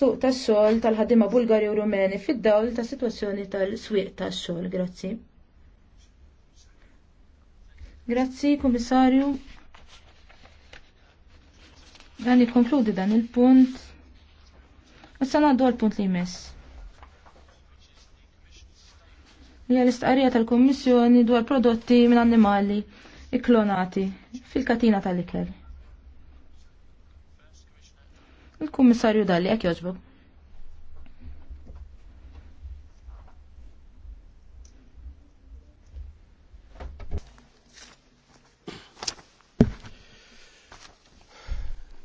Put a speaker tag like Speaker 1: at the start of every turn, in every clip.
Speaker 1: suq tas xogħol tal-ħaddiema Bulgari u Rumeni fid-dawl ta' sitwazzjoni tal-swieq tax-xogħol. Grazzi. Grazzi, Kummissarju. Dan jikkonkludi dan il-punt. Issa ngħaddu għall-punt li jmiss. Hija l-istqarrija tal-Kummissjoni dwar prodotti minn annimali iklonati fil-katina tal-ikel. Il-Kummissarju Dalli, jekk jogħġbok.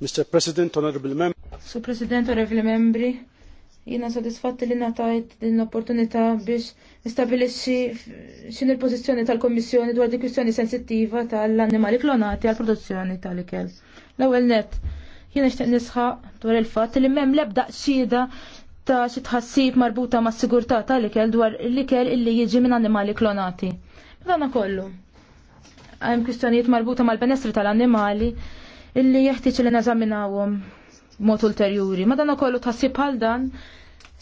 Speaker 2: Mr. President, Honorable Members.
Speaker 1: Su President, Honorable Membri, jina sodisfatti li natajt din opportunità biex nistabilixxi xin il-pożizzjoni tal-Kommissjoni dwar di kwistjoni sensittiva tal-annimali klonati għal produzzjoni tal-ikel. L-ewwel net, Jiena nixtieq nisħaq dwar il-fatt li m'hemm l-ebda ta' xi tħassib marbuta ma' sigurtà tal-ikel dwar l-ikel illi jiġi minn annimali klonati. Dana kollu. Hemm kwistjonijiet marbuta mal benestri tal-annimali illi jeħtieġ li neżaminawhom mod ulterjuri. Ma dana kollu tħassib bħal dan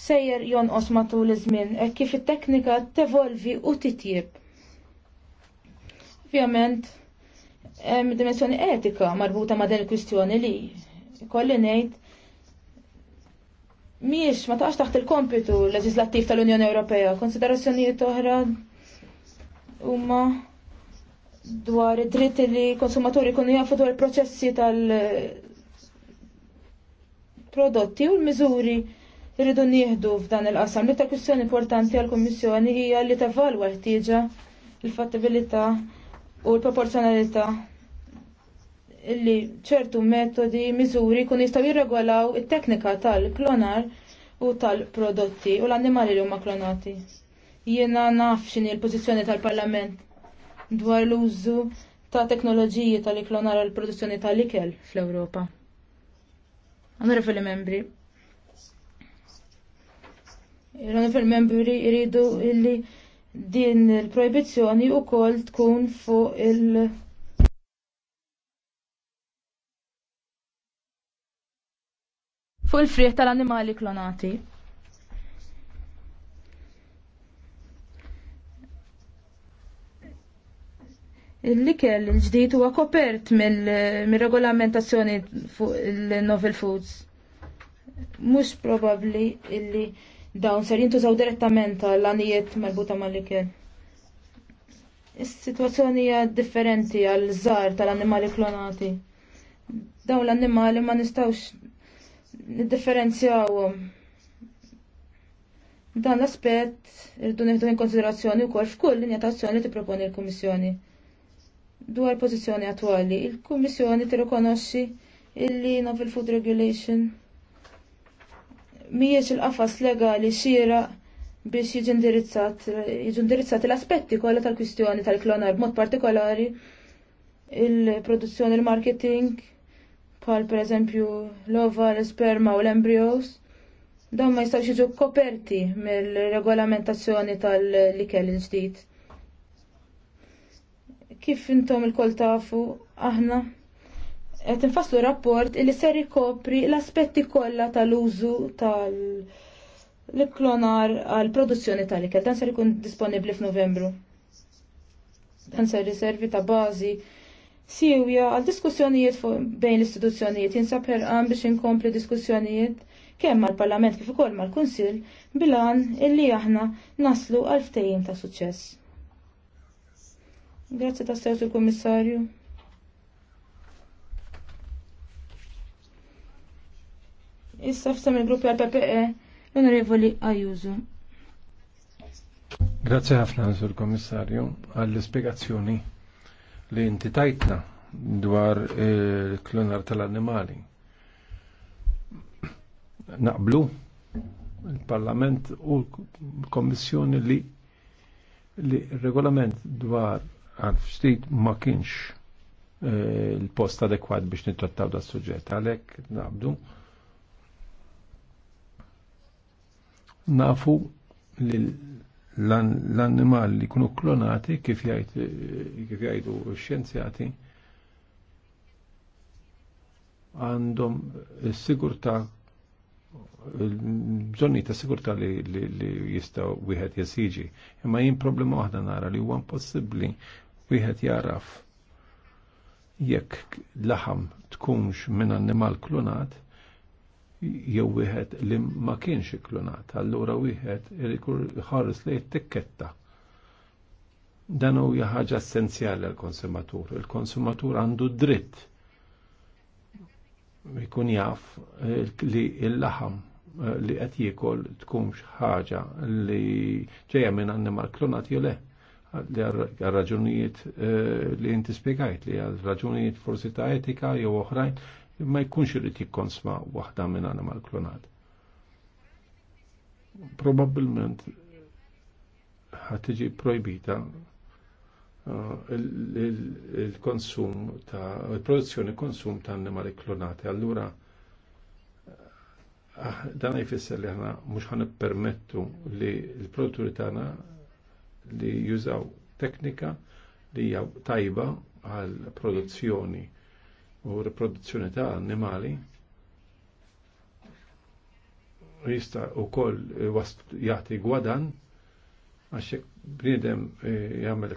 Speaker 1: sejjer jonqos matul iż-żmien e kif it-teknika tevolvi u titjib. Ovvjament, hemm dimensjoni etika marbuta ma' din il-kwistjoni li kolli nejt miex ma taqax taħt il-kompitu leġislattiv tal-Unjoni Ewropea. Konsiderazzjonijiet oħra huma dwar id-dritt li konsumaturi kunu jafu dwar il-proċessi tal-prodotti u l-miżuri rridu nieħdu f'dan il-qasam. l ta kwistjoni importanti għall-Kummissjoni hija li tevalwa ħtieġa il-fattibilità u l-proporzjonalità illi ċertu metodi, miżuri kun jistaw jirregolaw it-teknika tal-klonar u tal-prodotti u l-annimali li huma klonati. Jiena naf xini l-pożizzjoni tal-Parlament dwar l-użu ta' teknoloġiji tal-iklonar għal produzzjoni tal-ikel fl-Ewropa. fil membri, fil membri jridu illi din il-proibizzjoni u kol tkun fuq il- fuq il-frieħ tal-annimali klonati. l likel il-ġdid huwa kopert mill-regolamentazzjoni fuq il-novel foods. Mhux probabbli illi dawn ser jintużaw direttament għall għanijiet marbuta mal-ikel. Is-sitwazzjoni hija differenti għal żgħar tal-annimali klonati. Dawn l-annimali ma nistgħux niddifferenzjawhom. Dan l-aspett irridu neħdu in konsiderazzjoni wkoll f'kull linja ta' azzjoni li tipproponi l-Kummissjoni. Dwar pożizzjoni attwali, il-Kummissjoni tirrikonoxxi illi Novel Food Regulation mhijiex il-qafas legali xira biex jiġi indirizzat l-aspetti kollha tal-kwistjoni tal-klonar b'mod partikolari il-produzzjoni, il-marketing, bħal pereżempju l-ova, l sperma u l-embryos, dawn ma jistgħux jiġu koperti mill-regolamentazzjoni tal-likel il-ġdid. Kif intom il-kol tafu, aħna qed infasslu rapport li ser ikopri l-aspetti kollha tal-użu tal l-klonar għal produzzjoni tal-ikel. Dan ser ikun disponibbli f'Novembru. Dan ser riservi ta' bażi siwja għal diskussjonijiet bejn l-istituzzjonijiet jinsab ħerqan biex inkompli diskussjonijiet kemm mal-Parlament kif ukoll mal-Kunsill bilan illi aħna naslu għal ftehim ta' suċċess. Grazzi ta' stajtu l-Kummissarju. Issa f'sem il-gruppi għal PPE l-Onorevoli Ajuso.
Speaker 2: Grazie ħafna, Sur Kommissarju, għall-spiegazzjoni li inti tajtna dwar il-klonar tal-annimali. Naqblu il-Parlament u l-Kommissjoni li li regolament dwar għarf ftit ma kienx eh, il-post adekwat biex nittrattaw da suġġett għalek naqbdu nafu li l-annimali li kunu klonati kif jgħidu xjenzjati għandhom s-sigurta bżonni ta' sigurta li, li, li jistaw wieħed jesiġi. Imma jien problema waħda nara li huwa impossibbli wieħed jaraf jekk laħam tkunx minn annimal klonat jew wieħed li ma kienx iklunat, allura wieħed irid ħares li t-tikketta dan huwa ħaġa essenzjali għal konsumatur Il-konsumatur għandu dritt jkun jaf eh, li l-laħam eh, li qed jiekol tkunx ħaġa li ġejja minn annimal klonat jew le għal raġunijiet eh, li inti spiegajt li għal raġunijiet forsi ta' etika jew oħrajn ma jkunx irid jikkonsma waħda minn animal klonat. Probabbilment ħad tiġi projbita uh, il-konsum ta' il-produzzjoni e konsum ta' animali klonati. Allura ah, dan jfisser li ħana mhux ħan permettu li l-produtturi tagħna li jużaw teknika li hija tajba għal produzzjoni u riproduzzjoni ta' animali jista u koll jati gwadan għaxek bnidem eh, jgħamil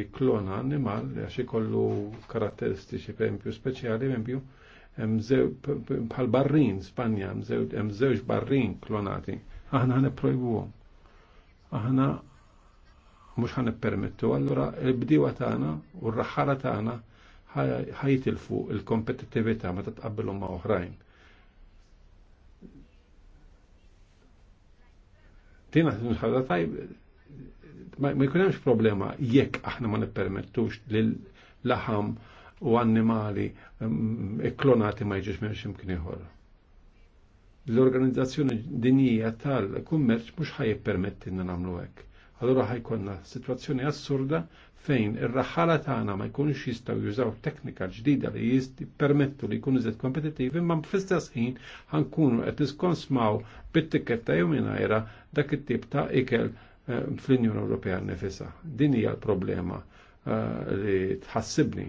Speaker 2: jiklona annimal għax ikollu karatteristiċi pempju speċjali pempju bħal barrin Spanja hemm żewġ barrin klonati aħna ħanipprojbuhom aħna mhux permettu allura l-bdiewa tagħna u r-raħħala tagħna ħajtilfu il kompetitività meta tqabbilhom ma' oħrajn. Tina ħadha tajb ma jkun hemmx problema jekk aħna ma nippermettux l laħam u annimali mm, klonati ma jiġux minn x'imkien ieħor. L-Organizzazzjoni Dinjija tal-Kummerċ mhux ħajjippermettilna nagħmlu hekk Allura ħajkonna situazzjoni assurda fejn ir-raħala tagħna ma jkunux jistgħu jużaw teknika ġdida li jisti permettu li jkunu żed kompetittivi imma fl-istess ħin ħankunu qed niskonsmaw bit-tikketta jew mingħajra dak it-tip ta' ikel eh, fl-Unjoni Ewropea nifisha. Din hija l-problema eh, li tħassibni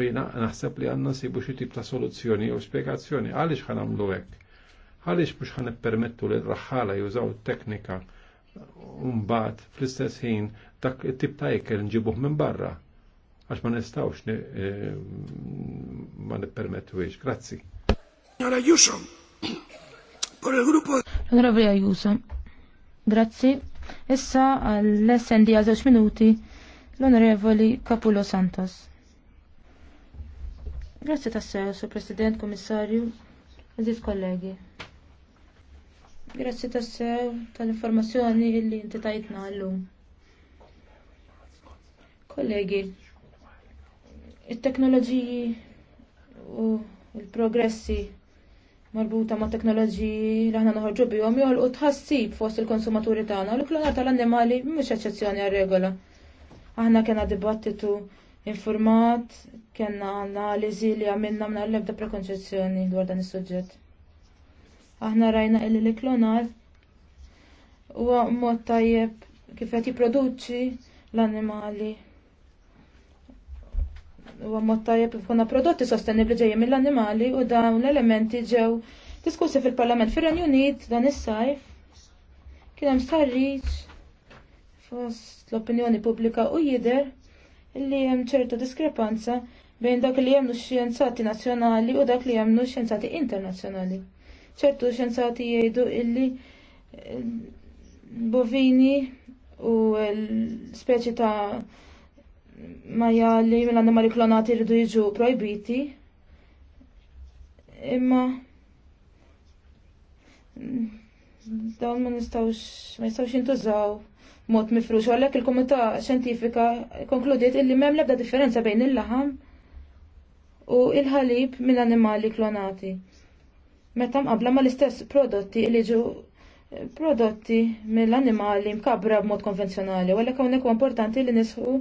Speaker 2: jiena naħseb li għandna sibu xi tip ta' soluzzjoni jew spjegazzjoni għaliex ħanamlu hekk. Għaliex mhux ħanippermettu permettu li r-raħħala jużaw teknika Umbat, fl-istess ħin, dak it-tip ta' ikel nġibuh minn barra. Għax ma nistawx e, ma nippermettu Grazzi. Signora Ayuso, por il
Speaker 1: gruppo. Onorevole Ayuso, grazzi. Issa għall-SND għal żewġ minuti l-Onorevoli Capullo Santos. Grazzi tassew, Sur President, Komissarju, Aziz kollegi. Grazzi tassew tal-informazzjoni li inti tajtna llum. Kollegi, il teknoloġiji u l-progressi marbuta ma' teknoloġiji li aħna noħorġu bihom u tħassib fost il-konsumaturi tagħna u l-klonar tal-annimali mhux eċċezzjoni għal regola Aħna kena dibattitu informat, kena analiżi li għamilna minn l-ebda prekonċezzjoni dwar dan is-suġġett. Aħna rajna illi l-klonar huwa mod tajjeb kif qed jipproduċi l-annimali. Huwa mod tajjeb kif kuna prodotti sostenibbli ġejjin mill-annimali u dawn l-elementi ġew diskussi fil-Parlament fir-Renju Unit dan is-sajf kien hemm sarriġ fost l-opinjoni pubblika u jidher li hemm ċerta diskrepanza bejn dak li jemnu xjenzati nazzjonali u dak li jemnu xjenzati internazzjonali ċertu xjenzati jgħidu illi bovini u l-speċi ta' majali mill-annimali klonati rridu jiġu projbiti. Imma dawn ma nistawx ma nistawx jintużaw mod mifrux għalhekk il-komunità xjentifika konkludiet illi m'hemm l-ebda differenza bejn il-laħam u il-ħalib mill-annimali klonati meta mqabbla mal-istess prodotti li ġu eh, prodotti mill-annimali mkabra b'mod konvenzjonali, għalhekk hawnhekk huwa importanti li nisħu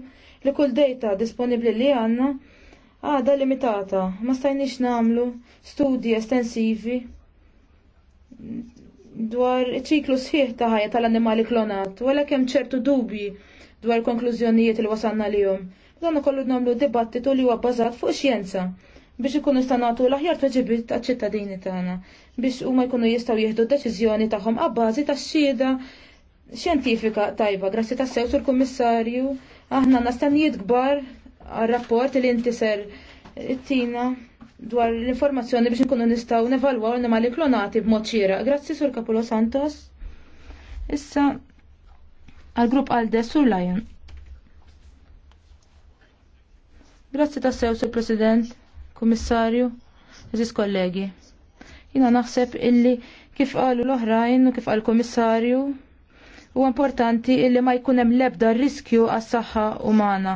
Speaker 1: li kull data disponibbli li għandna għada limitata, ma stajniex nagħmlu studji estensivi dwar ċiklu sħiħ ta' ħajja tal-annimali klonat, u għalhekk hemm ċertu dubji dwar konklużjonijiet li wasanna lihom. Dan kollu nagħmlu dibattitu li huwa bbażat fuq xjenza biex ikunu nagħtu l-aħjar tweġibiet taċ-ċittadini tagħna biex huma jkunu jistgħu jieħdu deċiżjoni tagħhom qabbażi tax-xhieda xjentifika tajba. Grazzi tassew sur kummissarju aħna nastannijiet kbar għar-rapport li inti ser tina dwar l-informazzjoni biex nkunu nistgħu nevalwaw l-animali klonati b'mod xieraq. Grazzi sur Kapulo Santos. Issa għal-grupp għal sur Lion. Grazzi tassew sur President. Kummissarju, eżis kollegi. Jina naħseb illi kif qalu l-oħrajn u kif qal kummissarju u importanti illi ma jkun hemm l-ebda riskju għas-saħħa umana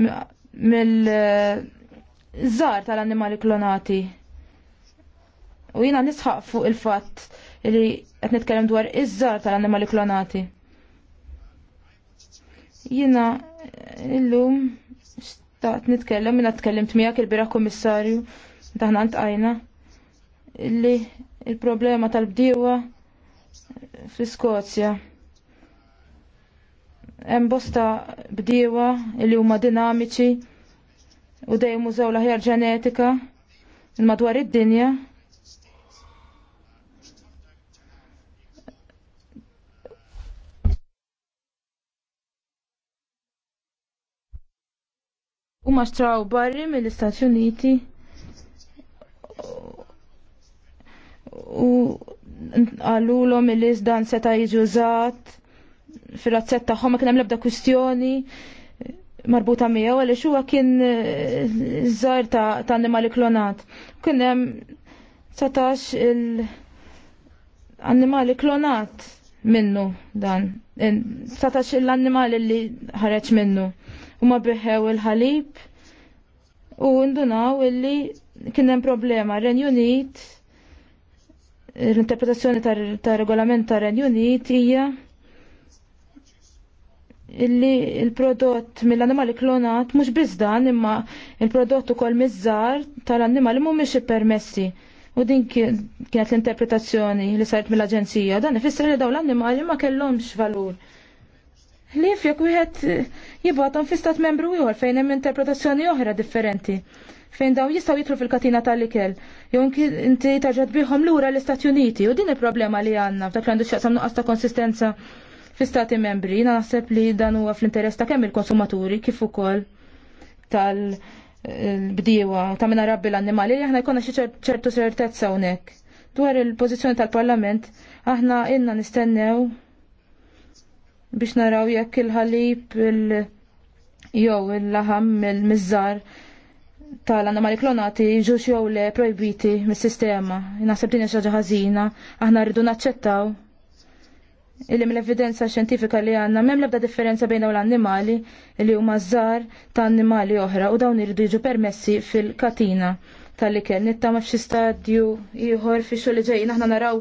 Speaker 1: mill-żar tal-annimali klonati. U jina nisħaq fuq il-fatt li qed nitkellem dwar iż-żar tal-annimali klonati. Jina illum taħt nitkellem, minna tkellimt mijak il-bira komissarju, taħna għajna, illi il-problema tal bdiwa fl Skozja Hemm bosta bdiewa li huma dinamiċi u dejjem użaw l-aħjar ġenetika madwar id-dinja u ma straw barri mill-Istati Uniti u għallulom il dan seta jiġużat fil-razzett tagħhom ma kien hemm l-ebda kwistjoni marbuta miegħu għaliex huwa kien eh, żgħar ta' annimali klonat. Kien hemm satax il-annimali klonat minnu dan. Eh, satax il-annimali li ħareġ minnu u ma biħew il-ħalib u ndunaw illi kienem problema. Renjunit, l-interpretazzjoni ta' regolament ta' Renjunit hija illi il-prodott mill-animali klonat mhux biss dan imma il-prodott ukoll miż-żgħar tal-annimali mhumiex ippermessi. U din kienet l-interpretazzjoni li saret mill-Aġenzija. Dan ifisser li dawn l-annimali ma kellhomx valur ħlief jekk wieħed eh, jibgħathom fi stat membru ieħor fejn hemm interpretazzjoni oħra differenti fejn dawn jistgħu jitlu fil-katina tal-ikel. Jew inti tarġed bihom lura l-Istati Uniti u din il-problema li għandna f'dak l-għandu x'jaqsam nuqqas ta' konsistenza fi Stati membri, jina naħseb li dan huwa fl-interess ta' kemm il-konsumaturi kif ukoll tal-bdiewa eh, ta' minna rabbi l-annimali li aħna jkollna xi ċertu certezza hawnhekk. Dwar il-pożizzjoni tal-Parlament aħna inna nistennew biex naraw jekk il-ħalib il- jew il-laħam il-mizzar tal-annimali klonati ġux jew le projbiti mis-sistema. Naħseb din xaġa ħażina, aħna rridu naċċettaw Illim l evidenza xjentifika li għanna mem lebda differenza bejn dawn l-annimali li huma żżar ta' annimali oħra u dawn iridu jiġu permessi fil-katina tal kell Nittama f'xi stadju ieħor fi xogħol li ġejjin aħna naraw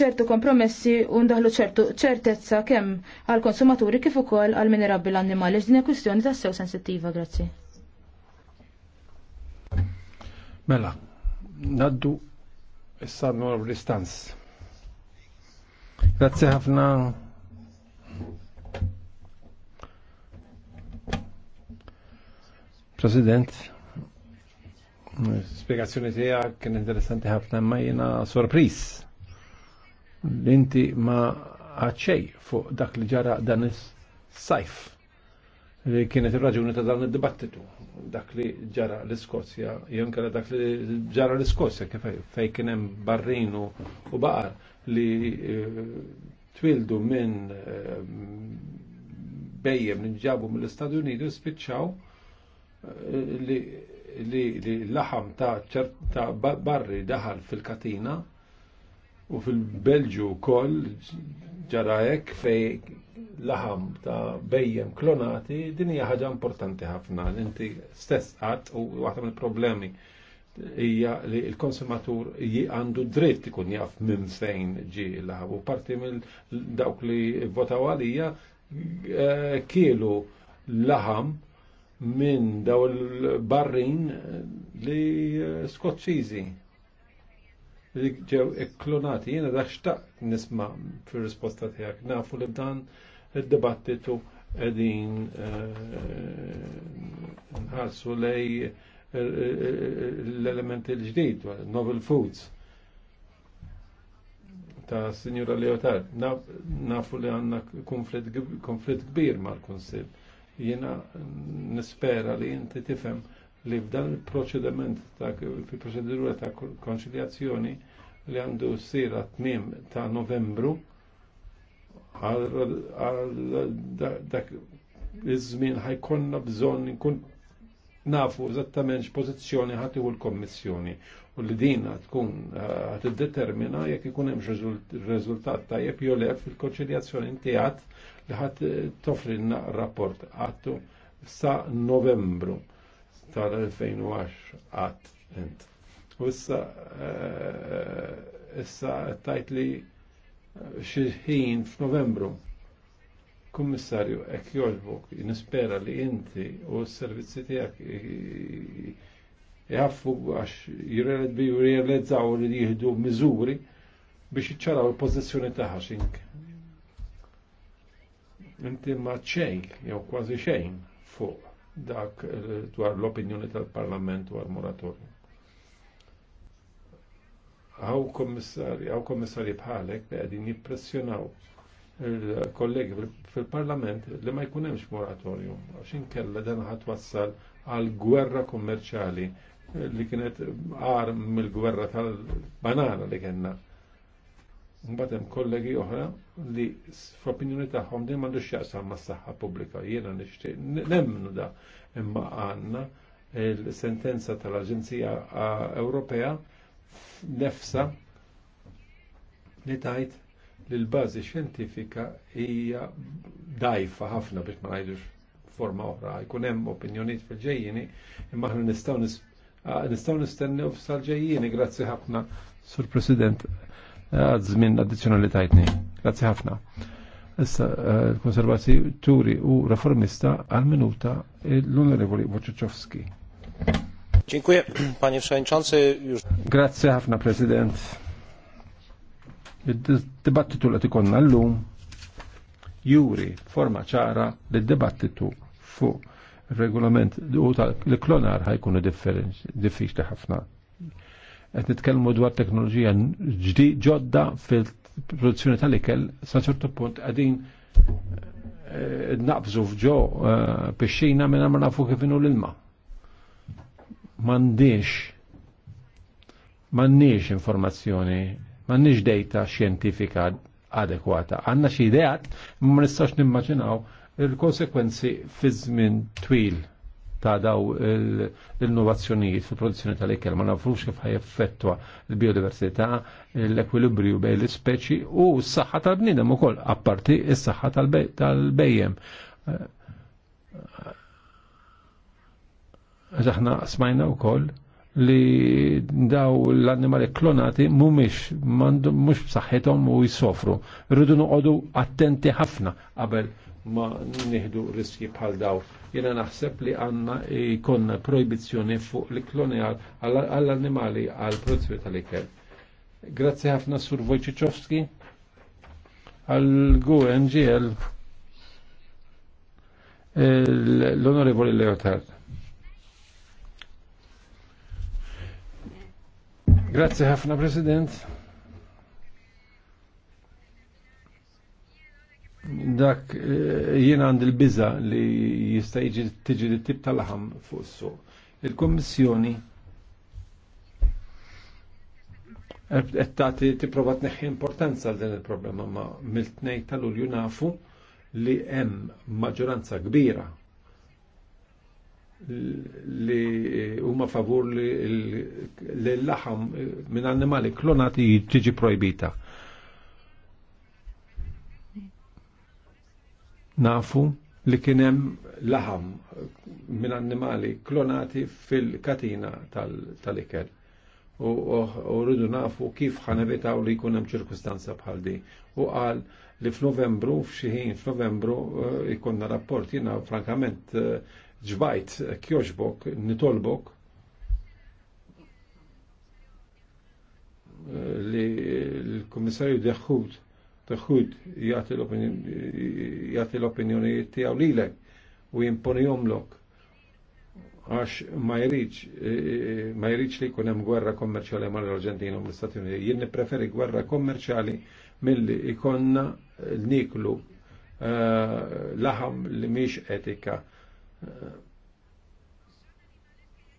Speaker 1: ċertu kompromessi u ndaħlu ċertu ċertezza kemm għal konsumaturi kif ukoll għal minerabbi l-annimali din kwistjoni ta' sew sensittiva, grazzi.
Speaker 2: Mela, naddu issa nor l-istanz. Grazzi ħafna President, spiegazzjoni tijak kien interessanti ħafna ma jiena sorpris L-inti ma għadċej fuq dak li ġara dan is-sajf li kienet ir-raġuni ta' dan id-dibattitu. Dak li ġara l-Iskozja, jonkara dak li ġara l-Iskozja kif fej kien hemm u baqar li eh, twildu minn eh, bejjem li ġabu mill-Istati Uniti spiċċaw eh, li l-laħam ta' barri daħal fil-katina u fil-Belġu kol ġarajek fej laħam ta' bejjem klonati, din hija ħaġa importanti ħafna. Inti stess qatt u waħda mill-problemi hija li l-konsumatur għandu dritt ikun jaf minn fejn ġi laħab u parti mill dawk li votaw għalija eh, kielu laħam minn daw il-barrin li eh, skoċċiżi li ġew ekklonati, Jena daċtaq nisma fil risposta tijak. Nafu li b'dan il-dibattitu edin eh, nħarsu lej eh, eh, l-element il-ġdijt, novel foods ta' Signora Leotard. Nafu li għanna konflitt kbir mal-Konsil. Jena nispera li jinti tifem li f'dan il-proċediment ta' fil-proċedura ta' konċiljazzjoni li għandu s t-mim ta' novembru għal dak iż-żmien ħajkonna bżonn nkun nafu eżattament x'pożizzjoni u l-Kommissjoni u li din tkun ħad iddetermina jekk ikun hemm riżultat tajjeb jew le fil-konċiljazzjoni intijat li ħadd toffrilna rapport għattu sa' Novembru tal-2010 għat int. U issa eh, issa tajt li eh, xilħin f'Novembru. Kummissarju, ek joġbok, nispera li inti u s-servizzi tijak jaffu għax jirrelet bi jirrealizzaw li jihdu mizuri biex iċċaraw il-pozizjoni taħħa xink. Inti ma ċej, jew kważi ċejn fuq dak eh, dwar l-opinjoni tal-Parlament dwar moratorju. Għaw komissari, għaw komissari bħalek li għedin jippressjonaw il-kollegi fil-Parlament li ma jkunemx moratorju, għaxin kella dan ħat wassal għal gwerra kommerċali li kienet għar mill-gwerra tal-banana li kienna. Mbagħad hemm kollegi oħra li f'opinjoni tagħhom dejjem għandu x'jaqsam mas-saħħa pubblika. Jiena nixtieq nemmnu da imma għandna il-sentenza tal-Aġenzija Ewropea nefsa li tajt li l-bażi xjentifika hija dajfa ħafna biex ma ngħidux forma oħra. Jkun hemm opinjonijiet fil-ġejjini imma aħna nistgħu nistgħu nistennew f'sal-ġejjini. Grazzi ħafna, Sur President għad żmien tajtni. Grazzi ħafna. Issa l-konservaturi eh, u reformista għal-minuta l-onorevoli Wojciechowski. Dziękuję, panie przewodniczący. Już... Grazie ħafna, prezydent. Il-dibattitu li tikonna l-lum juri forma ċara li debattitu dibattitu fuq regolament u tal-klonar ħajkunu diffiċli ħafna qed nitkellmu dwar teknoloġija ġodda fil-produzzjoni tal-ikel sa ċertu punt qegħdin eh, naqbżu fġo eh, pixxina minn ma nafu kif inhu l-ilma. M'għandix m'għandniex informazzjoni, m'għandniex data xjentifika adekwata. Għandna xi ideat ma nistax nimmaġinaw il-konsekwenzi fi żmien twil ta' daw l-innovazzjonijiet fil-produzzjoni tal-ikel ma nafrux kif ħajeffettwa l-biodiversità, l-ekwilibrju bejn l-ispeċi u s-saħħa tal-bniedem ukoll, apparti s-saħħa tal-bejjem. Aħna smajna wkoll li daw l-annimali klonati mumiex, mux b'saħħithom u jisofru. Rridu noqogħdu attenti ħafna qabel ma nieħdu riski bħal daw. Jena naħseb li għanna jkun proibizjoni fuq l-klonjar għall-animali għall produzzju tal-ikel. Grazzi ħafna sur Wojciechowski għall gungl e, l-onorevoli Leotard. Grazie ħafna President. dak eh, jien għand il-biża li jista' jiġi tiġi tip tal-ħam fuq is-suq. Il-Kummissjoni qed tagħti tipprova tneħħi importanza għal din il-problema ma mill-tnejn tal-Ulju nafu li hemm maġġoranza kbira li huma favur li l-laħam minn annimali klonati tiġi projbita nafu li kienem laħam minn annimali klonati fil-katina tal-ikel. U rridu nafu kif ħanevitaw li jkun hemm ċirkustanza bħaldi. U qal li f'Novembru, f'xiħin f'Novembru jkunna eh, rapport jiena frankament eh, ġbajt kjoġbok, nitolbok eh, li l-Kummissarju Deħħud taħud jgħati l-opinjonijiet opinjoni tiegħu lilek u jimponi jomlok għax ma jridx li kunem gwerra kommerċali ma l argentina u l stati Uniti. Jien preferi gwerra kommerċali kommerċjali milli ikonna niklu eh, laħam li miex etika.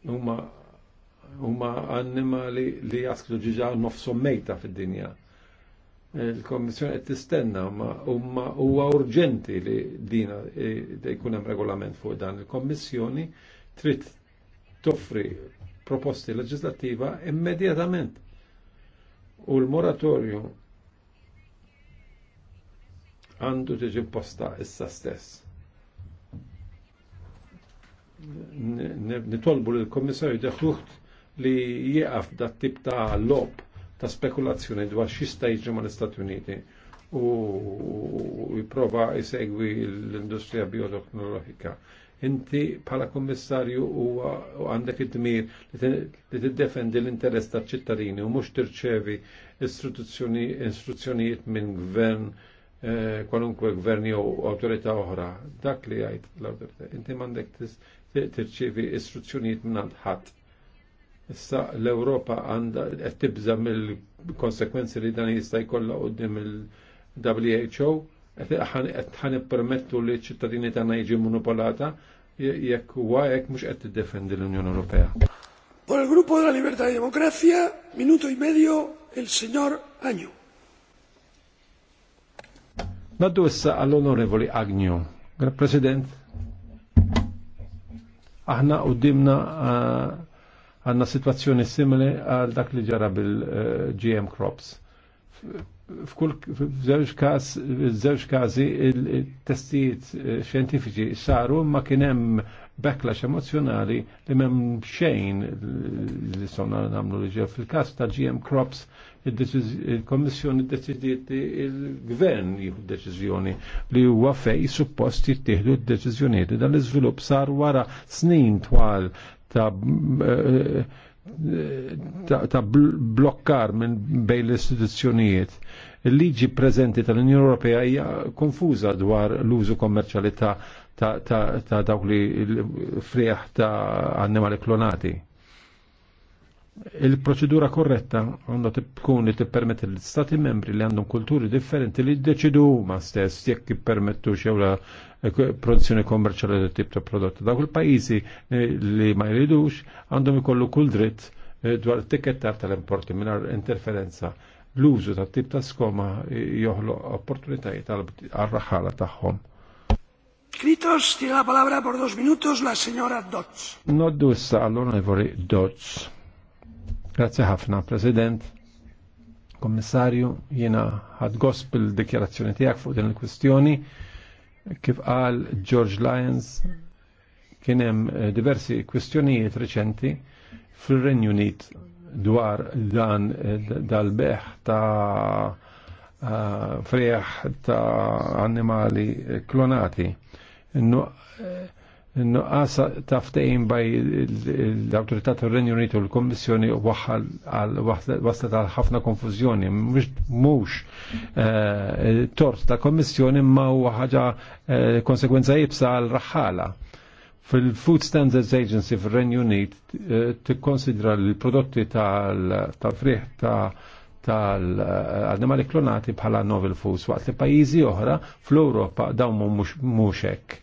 Speaker 2: Huma huma annimali li jasklu ġiġa nofsom mejta fid-dinja il-Kommissjoni qed tistenna ma huwa urġenti li dina e, jkun hemm regolament fuq dan. Il-Kommissjoni trid toffri proposti leġislattiva immedjatament. U l-moratorju għandu tiġi posta issa stess. Nitolbu l-Kommissarju deħluħt li jieqaf dat tip ta' lob ta' spekulazzjoni dwar xista jiġri mal istati Uniti u jiprofa jsegwi l-industrija bioteknologika. Inti bħala kommissarju u għandek id-dmir li tiddefendi l-interess ta' ċittadini u mhux tirċevi istruzzjonijiet minn gvern eh, kwalunkwe gvern jew awtorità oħra. Dak li jgħid l-awtorità. Inti m'għandek tirċevi istruzzjonijiet minn ħadd Issa l-Europa għandha qed tibża mill-konsekwenzi li dan jista' jkollha qudiem il-WHO qed ħan ippermettu li ċ-ċittadini tagħna jiġi monopolata jekk huwa hekk mhux qed tiddefendi l-Unjoni Ewropea. Por il Gruppo della Libertà e Democrazia, minuto e medio, il signor Agnew. Naddu issa għall-Onorevoli Agnew. Presidente. aħna u dimna uh, eh, Għanna situazzjoni simili għal dak li ġara bil-GM crops. F'kull f'żewġ każi il-testijiet eh, xjentifiċi saru ma kien hemm backlash emozjonali li m'hemm xejn li sonna nagħmlu li ġew fil-każ ta' GM Crops il-Kommissjoni deċidiet il-Gvern jieħu deċiżjoni li huwa fej suppost jittieħdu d-deċiżjonijiet dan l-iżvilupp sar wara snin twal ta' ta', ta blokkar minn bejn l-istituzzjonijiet. Il-liġi preżenti tal-Unjoni Ewropea hija konfuża dwar l-użu kommerċjali ta', ta, ta, ta dawk li friħ ta' annimali klonati. Il-proċedura korretta għandha tkun li tippermetti l istati membri li għandhom kulturi differenti li jiddeċidu ma stess jekk jippermettu xewla produzzjoni kommerċjali ta' tip ta' prodotti. Dawk il-pajjiżi eh, li ma jridux għandhom ikollu kull dritt eh, dwar tikettar tal-importi mingħajr interferenza l-użu ta' tip ta' skoma eh, joħloq opportunitajiet għal-raħala tagħhom.
Speaker 3: Kritos, tiene la palabra por dos minutos la signora Dodds.
Speaker 2: Noddu issa għall-onorevoli Dodds. Grazie ħafna, President. Kommissarju, jiena ħad gospel dikjarazzjoni tiegħek fuq din il-kwistjoni. Kif qal George Lyons, kien hemm eh, diversi kwistjonijiet reċenti fil-Renju Unit dwar dan eh, dal-beħ ta' eh, freħ ta' annimali klonati. Innu Nuqqas taftejn baj l-autorità tal-Renju Unitu u l-Kommissjoni waslet għal ħafna konfużjoni. Mux eh, tort ta' Kommissjoni ma huwa ħaġa eh, konsekwenza jibsa għal raħħala. Fil-Food Standards Agency fil-Renju Unit eh, tikkonsidra l-prodotti tal-friħ ta' tal-animali klonati bħala novel foods waqt li pajjiżi oħra fl-Ewropa dawn mhux hekk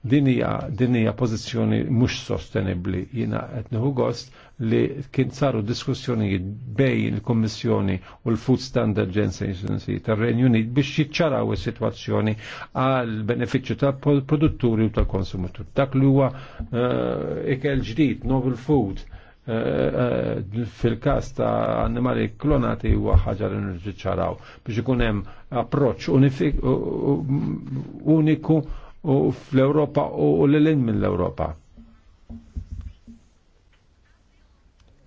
Speaker 2: Din hija din hija pożizzjoni mhux sostenibbli. Jiena gost li kien saru diskussjoni bejn il-Kommissjoni u l-Food Standard Agency tar-Renju Unit biex jiċċaraw is-sitwazzjoni għal benefiċċju tal-produtturi u tal-konsumatur. Dak li huwa eh, ikel ġdid, novel food, eh, eh, fil-kas ta' animali klonati huwa ħaġa li nirġiċċaraw biex ikun hemm approċċ uniku u fl-Europa u l-lin minn l-Europa.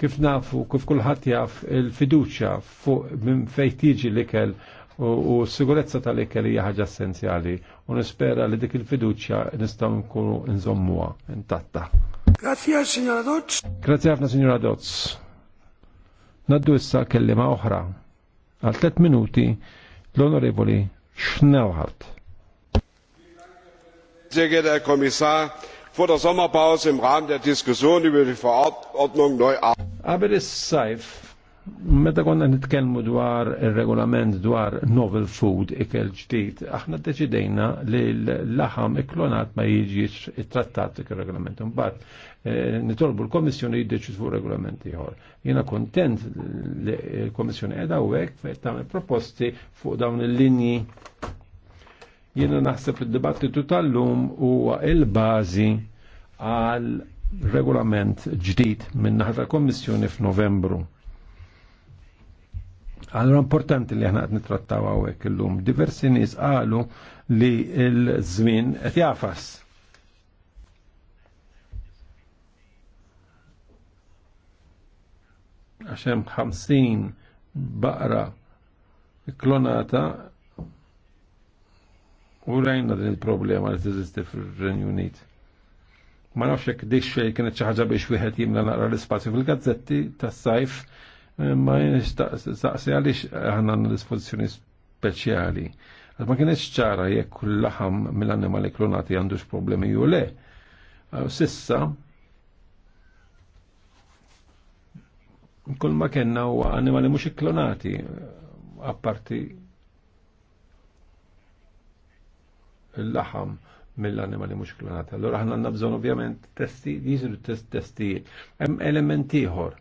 Speaker 2: Kif nafu, kif kullħat jaf il-fiduċja fuq minn fejtiġi li l-ikel u s-sigurezza tal-ikel hija ħaġa essenzjali u nispera li dik il-fiduċja nistgħu nkunu nżommuha intatta. Grazie, signora Dotz. Grazie ħafna, signora Dotz. Naddu issa kellima oħra. Għal tliet minuti l-onorevoli Schnellhardt sehr geehrter herr kommissar vor der sommerpause im rahmen der diskussion über die verordnung neu Qabel is-sajf, meta konna nitkellmu dwar regolament dwar novel food ikel ġdid, aħna deċidejna li l-laħam iklonat ma jiġix it-trattat dik regolament äh, nitolbu l-Komissjoni jiddeċid fuq regolament ieħor. kontent li l-Komissjoni proposti fuq dawn il-linji Jiena naħseb id-dibattitu tal-lum huwa il-bażi għal regolament ġdid minn tal kommissjoni f'Novembru. Allora importanti li aħna qed nittrattaw hawnhekk illum. Diversi nies qalu li l-żmien qed jafas. Għaxem 50 baqra klonata U rajna din il-problema li tiżisti fir-Renju Unit. Ma nafx hekk dik xejn kienet xi biex wieħed jimla naqra l-ispazju fil-gazzetti tas-sajf eh, ma jinstaqsi għalix aħna l dispożizzjoni speċjali. Ma kienx ċara jek l-laħam mill-annimali klonati għandux problemi ju le. Sissa kull ma kellna u annimali mux klonati, eh, apparti l-laħam mill-animali mhux klonati. Allora aħna għandna bżonn ovvjament testi, test testijiet. Hemm elementiħor.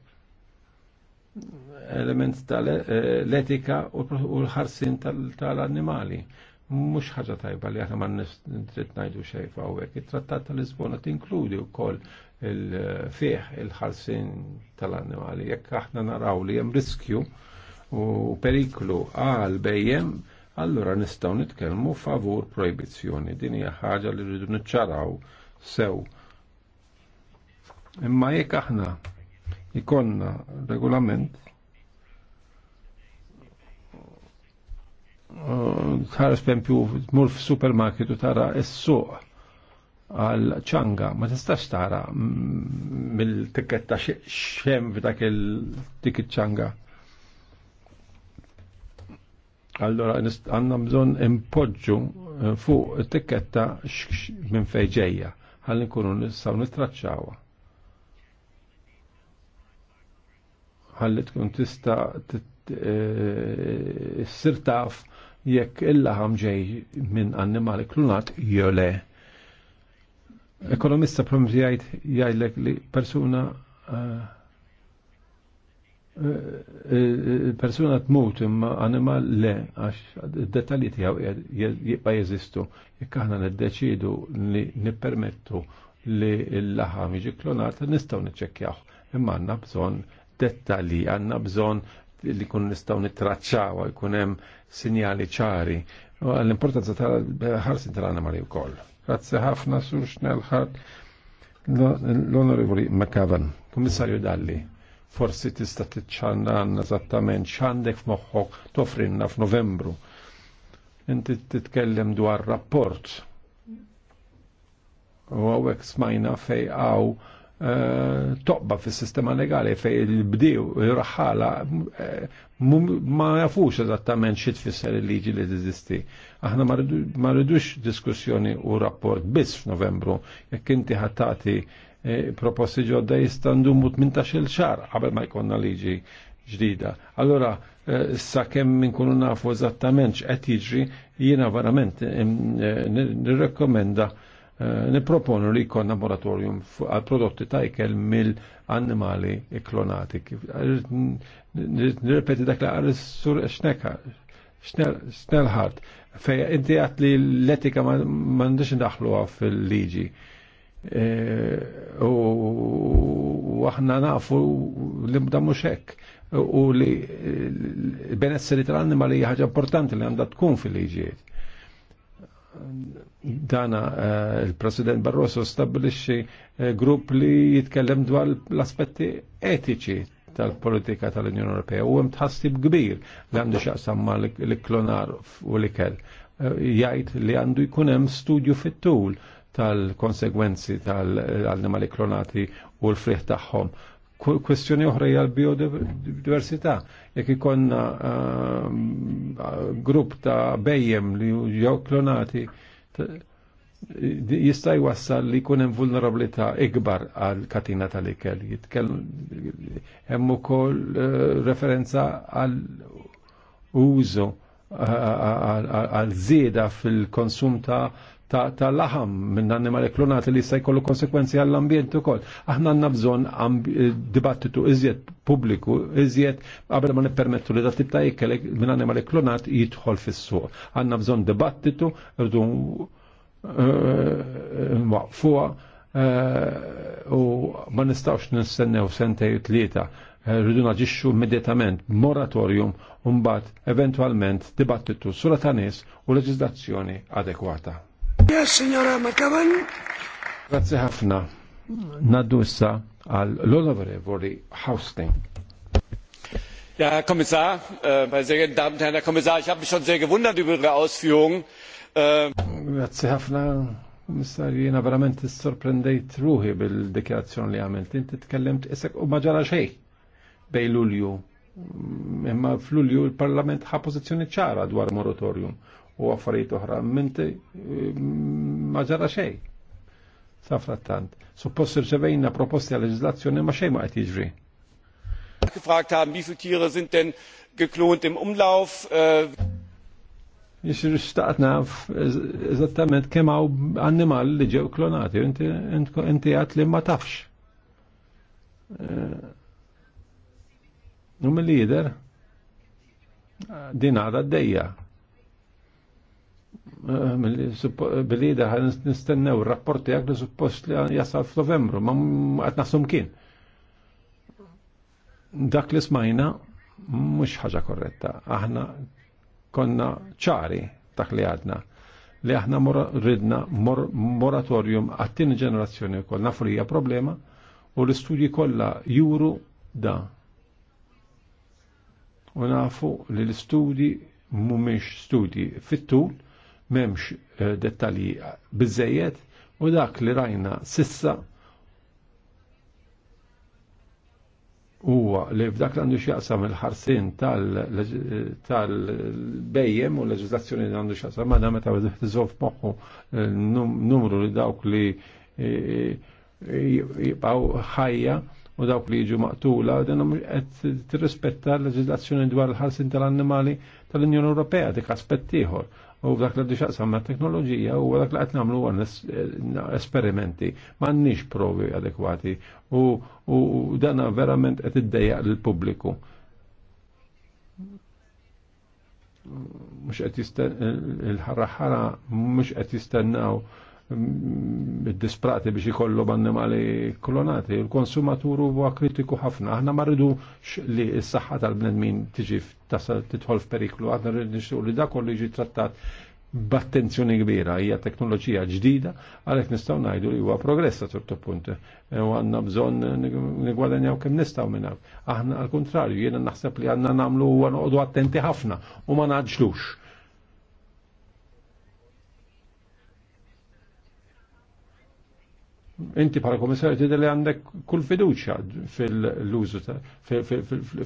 Speaker 2: Element tal-etika eh, u l-ħarsin tal-annimali. Mhux ħaġa tajba li aħna ma nistrid ngħidu xejn hawnhekk. It-Trattat tal-Lisbona tinkludi wkoll il-fih il-ħarsin tal-annimali. Jekk aħna naraw li hemm riskju u periklu għal bejjem allora nistaw nitkelmu favur proibizjoni. Din hija ħaġa li rridu niċċaraw sew. Imma jekk aħna ikonna regolament uh, tħares pempju tmur f'supermarket u tara s-suq għal ċanga, ma tistax tara mm, mill-tiketta xem f'dak il-tikit ċanga. Allora għandna bżonn impoġġu eh, fuq it-tiketta minn fejġeja. ħalli nkunu nistgħu nistraċċawa. Ħalli tkun tista' eh, s-sirtaf jekk il-laħam ġej minn annimali klunat jole. Ekonomista prom jgħid jgħidlek li persuna uh, persuna tmut imma animal le, għax dettali tijaw jibba jeżistu. Jekk aħna niddeċidu li nipermettu li l-laħam jiġi klonat, nistgħu niċċekkjaw. Imma għandna bżonn dettalji, għandna bżonn li kun nistgħu nittraċċaw, jkun hemm sinjali ċari. L-importanza tal-ħarsin tal-animali wkoll. Grazzi ħafna sur Schnellhardt l-Onorevoli McCavan, Kummissarju Dalli forsi tista' titxannan eżattament x'għandek f'moħħok tofrinna f'Novembru. Inti titkellem dwar rapport. U għawek smajna fej għaw eh, toqba fis sistema legali fej il bdiw il-raħala, eh, ma jafux eżattament xi tfisser il-liġi li tiżisti. Aħna ma rridux diskussjoni u rapport biss f'Novembru, jekk inti ħattati proposti ġodda jistandu mut minn ta' xil xar qabel ma jkonna liġi ġdida. Allora, sa' kemm kunu nafu eżattament x'qed jiġri, jiena verament nirrekomenda niproponu li jkonna moratorium għal prodotti ta' ikel mill-annimali klonati. Nirrepeti dak li sur xneka, xnelħart, fej inti għat li l-etika mandiġ daħluha fil-liġi Eh, u aħna nafu li da mhux hekk u li benesseri tal-annimali li ħaġa importanti li għandha tkun fil liġiet Dana eh, il-President Barroso stabilixi eh, grupp li jitkellem dwar l-aspetti etiċi tal-politika tal-Unjoni Ewropea u hemm tħassib kbir li għandu x'aqsam ma l-klonar u l-ikel. Jgħid li għandu jkun hemm studju fit-tul tal-konsegwenzi tal animali klonati u l-friħ tagħhom. Kwestjoni oħra hija l-biodiversità. Jekk ikonna eh, grupp ta' bejjem li jew klonati jista' jwassal li jkun hemm vulnerabilità ikbar għal katina tal-ikel. Hemm ukoll eh, referenza għal użu eh, għal zida fil-konsum ta' ta' laħam minn annimali klonati li jista' jkollu konsekwenzi għall-ambjent ukoll. Aħna għandna bżonn eh, dibattitu iżjed pubbliku, iżjed qabel ma nippermettu li da tip ta' ikel minn annimali klonat jidħol fis-suq. Għandna bżonn dibattitu rdu eh, waqfuha eh, u ma nistgħux nistennew sentej tlieta rridu naġixxu immedjatament moratorium u mbagħad eventwalment dibattitu sura u leġiżlazzjoni adekwata. Yes, signora McAvan. Grazie ħafna. Naddu issa għal l-onorevoli Hausting. Ja, Herr Kommissar, äh, meine sehr geehrten Damen und Herren, Herr Kommissar, ich habe mich schon sehr gewundert über Ihre Ausführungen. Ähm, Grazie ħafna, Kommissar, jena verament sorprendejt ruhi bil-dikjarazzjoni li għamilt. Inti tkellimt isek u maġara xej bej l-Ulju. Imma fl-Ulju il-Parlament ħa pozizjoni ċara dwar moratorium u affarijiet uħra, minti eh, ma ġara xej. Sa suppost irċevejna proposti għal leġizlazzjoni ma xej ma għet jiġri. Gefragt haben, wie viele Tiere sind denn geklont im Umlauf? Äh, Jisir xtaqt naf eżattament kem għaw animal li ġew klonati, inti għat li ma tafx. Eh, Num l-lider, din għada d-dejja, bil-lida għan nistennew rapporti għak li suppost li jasal f'Novembru, ma għat naħsum kien. Dak li smajna mux ħaġa korretta. Aħna konna ċari dak li għadna li aħna ridna moratorium għattin ġenerazzjoni u koll nafrija problema u l-istudji kolla juru da. U nafu li l-istudji mumiex studji fit-tul memx eh, dettalji bizzejiet u dak li rajna sissa huwa li f'dak l-għandu xjaqsam il-ħarsin tal-bejjem u l-leġislazzjoni li għandu xjaqsam ma damet għaw tiżolf moħħu eh, numru li dawk li eh, jibqaw ħajja u dawk li jiġu maqtula, dan qed tirrispetta l-leġislazzjoni dwar il-ħarsin tal-annimali tal-Unjoni Ewropea dik aspett ieħor u dak li xaqsam samma teknoloġija u dak li għat namlu għan esperimenti ma nix provi adekwati u, u dana verament qed iddejjaq lill-pubbliku. Mhux qed il-ħaraħara mhux qed jistennaw disprati biex ikollu b'annimali kolonati. Il-konsumatur huwa kritiku ħafna. Aħna ma rridux li s-saħħa tal-bnedmin tiġi tasal tidħol f'periklu, aħna nixtiequ li dak kollu jiġi trattat b'attenzjoni kbira, hija teknoloġija ġdida, għalhekk nistgħu ngħidu li huwa progress ta' ċertu punt. E, u għandna bżonn nigwadanjaw kemm nistgħu minn hawn. Aħna għall-kuntrarju, jiena naħseb li għandna nagħmlu huwa noqogħdu attenti ħafna u ma naġlux inti bħala komissarju tidher li għandek kull fiduċja fil-użu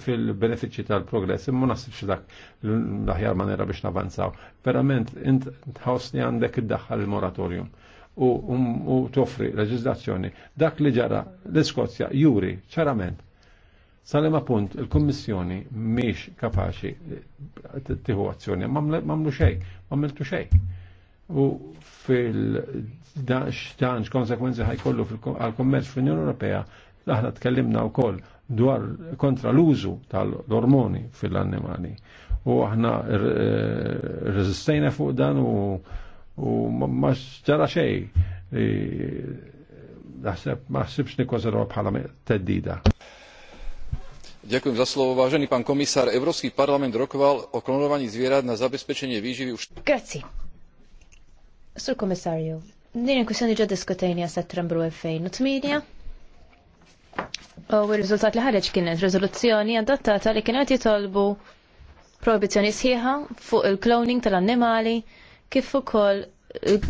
Speaker 2: fil-benefiċċji tal-progress, imma naħsibx dak l-aħjar manera biex navanzaw. Verament int tħossni għandek iddaħħal il-moratorium u toffri leġiżlazzjoni. Dak li ġara l-Iskozja juri ċarament Salema punt il-Kommissjoni miex kapaxi tiħu azzjoni, mamlu xej, mamiltu xej. U dan x'konsekwenzi ħajkollu għal kommerċ fl-Unjoni Ewropea, aħna tkellimna wkoll dwar kontra l-użu tal-ormoni fil-annimali. U aħna eh, rezistejna fuq dan u ma ġara xej. Naħseb ma ħsibx nikkonsidru bħala teddida. Ďakujem za slovo, vážený pán komisár. Európsky parlament rokoval o klonovaní zvierat na zabezpečenie výživy už...
Speaker 3: Grazie. Sur komisario, Din kwistjoni ġa diskutejna għas settembru 2008. U r-riżultat li ħareġ kienet riżoluzzjoni adattata li kienet jitolbu prohibizjoni sħiħa fuq il-cloning tal-annimali kif ukoll eh,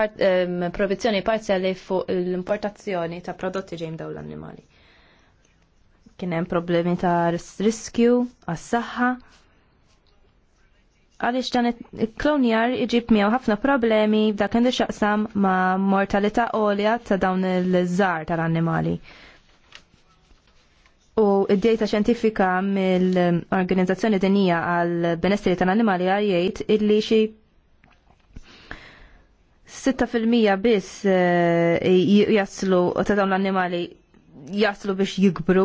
Speaker 3: eh, prohibizjoni parzjali fuq l-importazzjoni ta' prodotti ġejm dawn l-annimali. Kien hemm problemi ta' riskju għas-saħħa għaliex dan il-klonjar iġib miegħu ħafna problemi f'dak għandu xaqsam ma' mortalità għolja ta' dawn il-żar tal-annimali. U id dejta xjentifika mill-Organizzazzjoni Dinija għal benessri tal-annimali għal jgħid illi xi 6% biss eh, jaslu ta' dawn l-annimali jaslu biex jikbru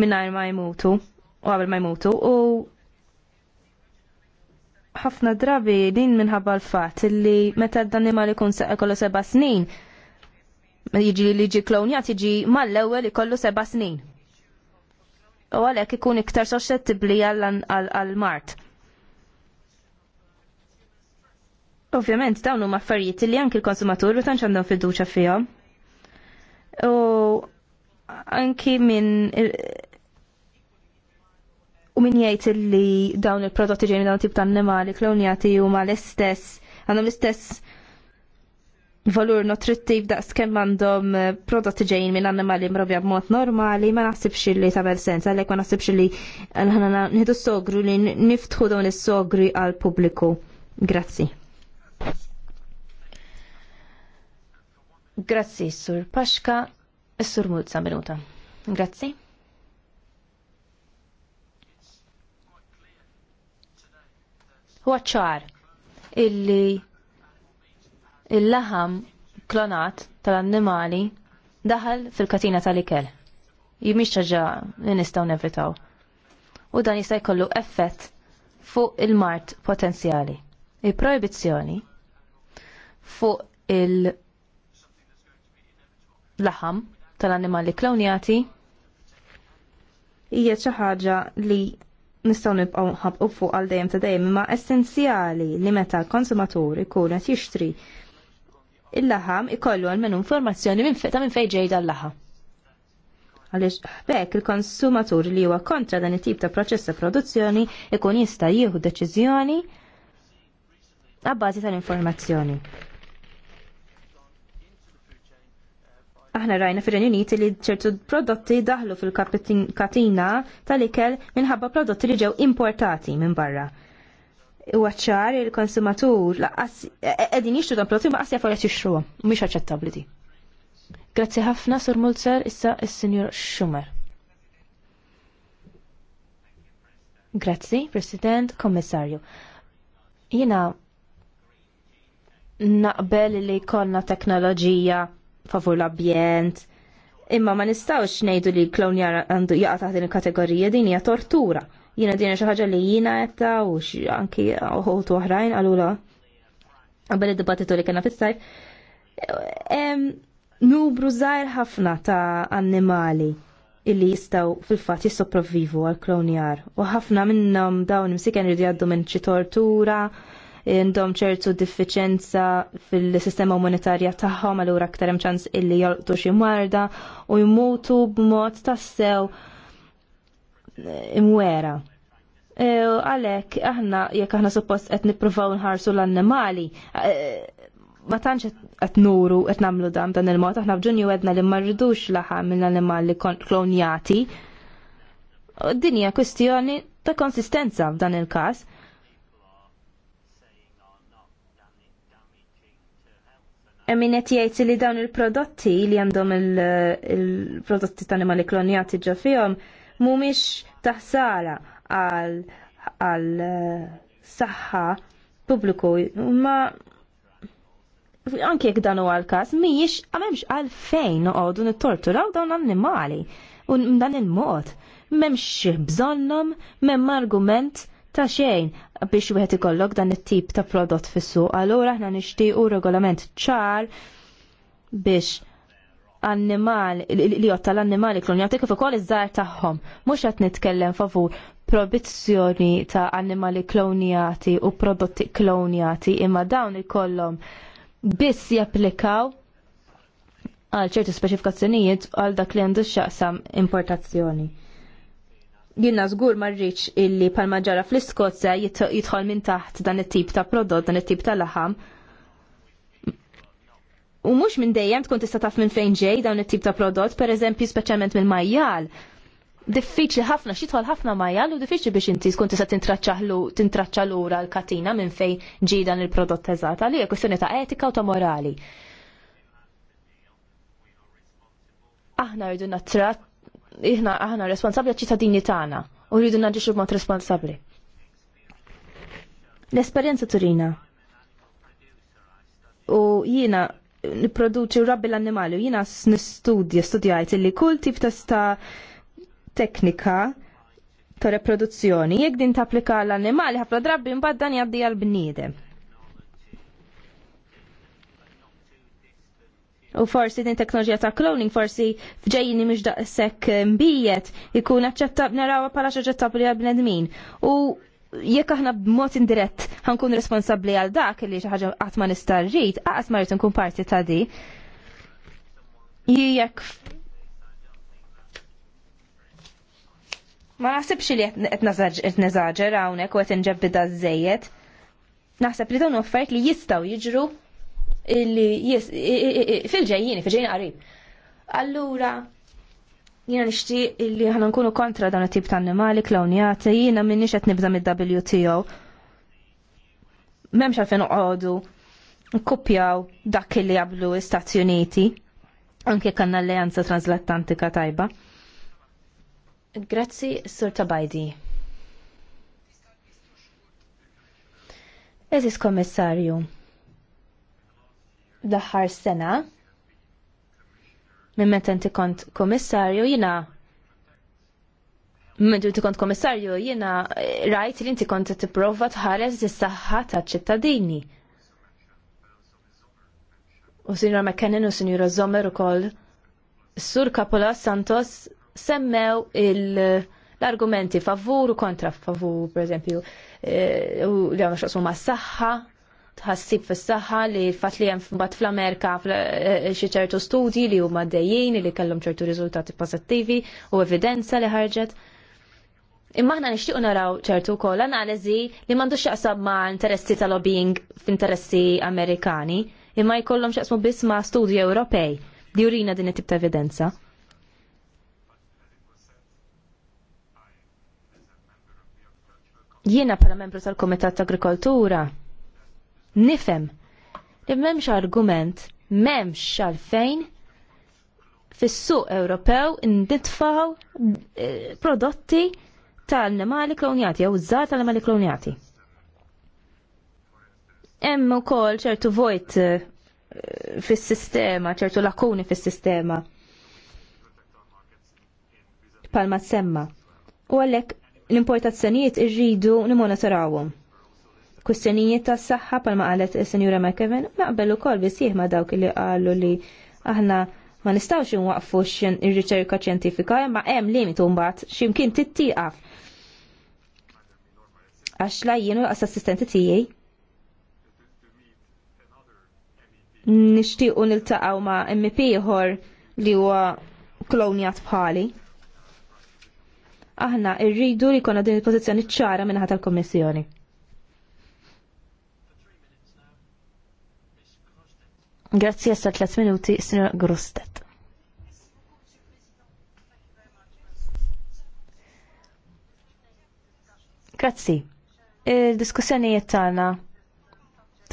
Speaker 3: mingħajr ma jmutu u qabel ma jmutu u ħafna drabi din minħabba l-fat li meta d-animal ikun kollu seba snin, jiġi li ġi klonjat jiġi mal-ewwel ikollu seba snin. U għalhekk ikun iktar soċċettibbli għall-mart. Ovvjament dawn huma affarijiet li anki l-konsumatur u tantx għandhom fiduċja fihom. U anki minn u min jgħid li dawn il-prodotti ġejjin dawn tip ta' annimali klonjati huma l-istess għandhom l-istess valur nutrittiv kemm għandhom eh, prodotti ġejjin minn annimali mrobja b'mod normali ma naħsibx li tagħmel sens għalhekk ma naħsibx li ħana nieħdu sogru li niftħu dawn is-sogri għal pubbliku. Grazzi. Grazzi, Sur Paxka, Sur Mulza Minuta. Grazzi. Huwa ċar illi il-laħam klonat tal-annimali daħal fil-katina tal-ikel. Jimix ġa nistaw nevitaw. U dan jista' jkollu effett fuq il-mart potenzjali. Il-proibizzjoni fuq il-laħam tal-annimali klonjati hija xi ħaġa li nistgħu nibqgħu nħabqu fuq għal dejjem ta' dejjem, imma essenzjali li meta l-konsumatur ikun qed jixtri il-laħam ikollu għal menu informazzjoni minn feta' minn fejn ġejda l għalix bekk il-konsumatur li huwa kontra dan it-tip ta' proċess ta' produzzjoni ikun jista' jieħu deċiżjoni għabbażi tal-informazzjoni. aħna rajna fir Uniti li ċertu prodotti daħlu fil-katina tal-ikel minħabba prodotti li ġew importati minn barra. U għacċar il-konsumatur għedin e, edin dan prodotti ma qas jafu jgħat jixtru, mhix aċċettabbli di. Grazzi ħafna Sur Mulzer issa il senjur Schumer. Grazzi, President, Kommissarju. Jina naqbel li konna teknoloġija favur l-ambjent. Imma ma nistawx ngħidu li l-klown għandu jaqa' taħt din il-kategorija din hija tortura. Jiena din xi ħaġa li jiena qedta u anki uħoltu oħrajn għalula qabel id-dibattitu li kena fit-sajf. Nubru żgħar ħafna ta' annimali illi jistaw fil-fat jissopravvivu għal klonjar u ħafna minnhom dawn imsiken jridu jgħaddu minn xi tortura indom ċertu diffiċenza fil-sistema monetarja tagħhom allura aktar hemm ċans illi jolqtu xi marda u jmutu b'mod tassew eh, imwera. Eh, għalhekk aħna jekk aħna suppost qed nippruvaw nħarsu l-annimali, eh, ma tantx qed nuru qed nagħmlu dam dan il-mod aħna b'ġunju għedna li ma rridux laħam mill-annimali klonjati. Dinja kwistjoni ta' konsistenza f'dan il-każ min qed jgħid li dawn il-prodotti li għandhom il-prodotti ta' animali klonjati ġo fihom mhumiex taħsara għal għal eh, saħħa pubbliku ma anke jekk dan huwa l-każ mhijiex għamemx għalfejn noqogħdu nittorturaw dawn l-annimali u dan il-mod m'hemmx bżonnhom m'hemm argument ta' xejn biex wieħed ikollok dan it-tip ta' prodott fis-suq. Allura aħna nixtiequ regolament ċar biex annimal li jgħod tal-annimali klonjati kif ukoll iż-żgħar tagħhom. Mhux qed nitkellem favur probizzjoni ta' annimali klonjati u prodotti klonjati imma dawn ikollhom biss japplikaw għal ċertu speċifikazzjonijiet għal dak li għandu x'aqsam importazzjoni jinnna zgur marriċ illi palma ġara fl-Iskozja jidħol minn taħt dan it-tip ta' prodott, dan it-tip ta' laħam. U mux minn dejjem tkun tista' taf minn fejn ġej dawn it-tip ta' prodott, per eżempju speċjalment minn majjal. Diffiċli ħafna, xitħol ħafna majjal u diffiċli biex inti tkun tista' tintraċċa lura l-katina minn fejn ġi dan il-prodott eżat. Għalija kwestjoni ta' etika u ta' morali. Aħna rridu nattratt iħna aħna responsabli ċittadini tagħna u rridu naġixxu b'mod responsabbli. L-esperjenza turina. U jiena niproduċi rabbi l-annimali u jiena nistudja studjajt li kull tip ta' teknika ta' reproduzzjoni jekk din tapplika l-annimali ħafna drabi mbad dan jgħaddi għall-bniedem. u forsi din teknoloġija ta' cloning forsi fġejjini mhux daqshekk eh, mbijet ikun aċċettab narawha bħala xi aċċettabbli għal bnedmin. U jekk aħna b'mod indirett ħankun responsabbli għal dak li xi ħaġa qatt ma nista' rrid, qaqas ma rrid nkun parti ta' di. Jekk Ma naħsibx li qed neżaġer hawnhekk u qed inġebbida żejjed. Naħseb li dawn offert li jistgħu jiġru illi jis fil-ġejjini, fil-ġejjini qarib. Allura, jina nishtiq illi ħana nkunu kontra dawn it-tip ta' annimali klawnjati, jina minnix qed nibda mid-WTO. M'hemmx għalfejn uqogħdu nkupjaw dak illi jablu Stati Uniti. Anke kanna alleanza transatlantika tajba. Grazzi, Sur Tabajdi. Eżis Kommissarju, l-aħħar sena minn meta inti kont komissarju jiena Minn inti kont komissarju jiena rajt li inti kont tipprova tħares is-saħħa taċ-ċittadini. U sinjor McKinnon u Sinjora Zomer ukoll Sur Kapola Santos semmew l-argumenti favur u kontra favur, per eżempju, eh, u li għamna xaqsu ma s-saxħa, Ħassib fis-saħħa li fatt li hemm bat fl-Amerika eh, xi ċertu studji li huma dejjin li kellhom ċertu riżultati pozittivi u evidenza li ħarġet. Imma aħna nixtiequ naraw ċertu wkoll analiżi li m'għandux x'aqsam ma' interessi ta' lobbying f'interessi Amerikani, imma jkollhom x'aqsmu biss ma' studji Ewropej li jurina din it-tip ta' evidenza. Jiena bħala membru tal-Kumitat Agrikoltura nifem li m'hemmx argument, m'hemmx għalfejn fis-suq Ewropew nitfaw eh, prodotti tal-nemali klonjati, jew żgħar tal-nemali klonjati. Hemm ukoll ċertu vojt eh, fis-sistema, ċertu lakuni fis-sistema. Palma semma. U għalhekk l-importazzjonijiet irridu nimmonitorawhom kustenijiet ta' s-saxħa palma qalet il-Senjura McKevin, naqbel ukoll bisih ma' dawk li qalu li aħna ma nistawx nwaqfu ir-riċerka ċjentifika, imma hemm limitu mbagħad x'imkien tittieqaf. Għax la jienu għas assistenti tiegħi nixtiequ niltaqgħu ma' MP ieħor li huwa klonjat bħali. Aħna rridu li konna din il-pożizzjoni ċara minn tal komissjoni Grazzi għasta 3 minuti, Sra. Grustet. Grazzi. Il-diskussjonijiet tagħna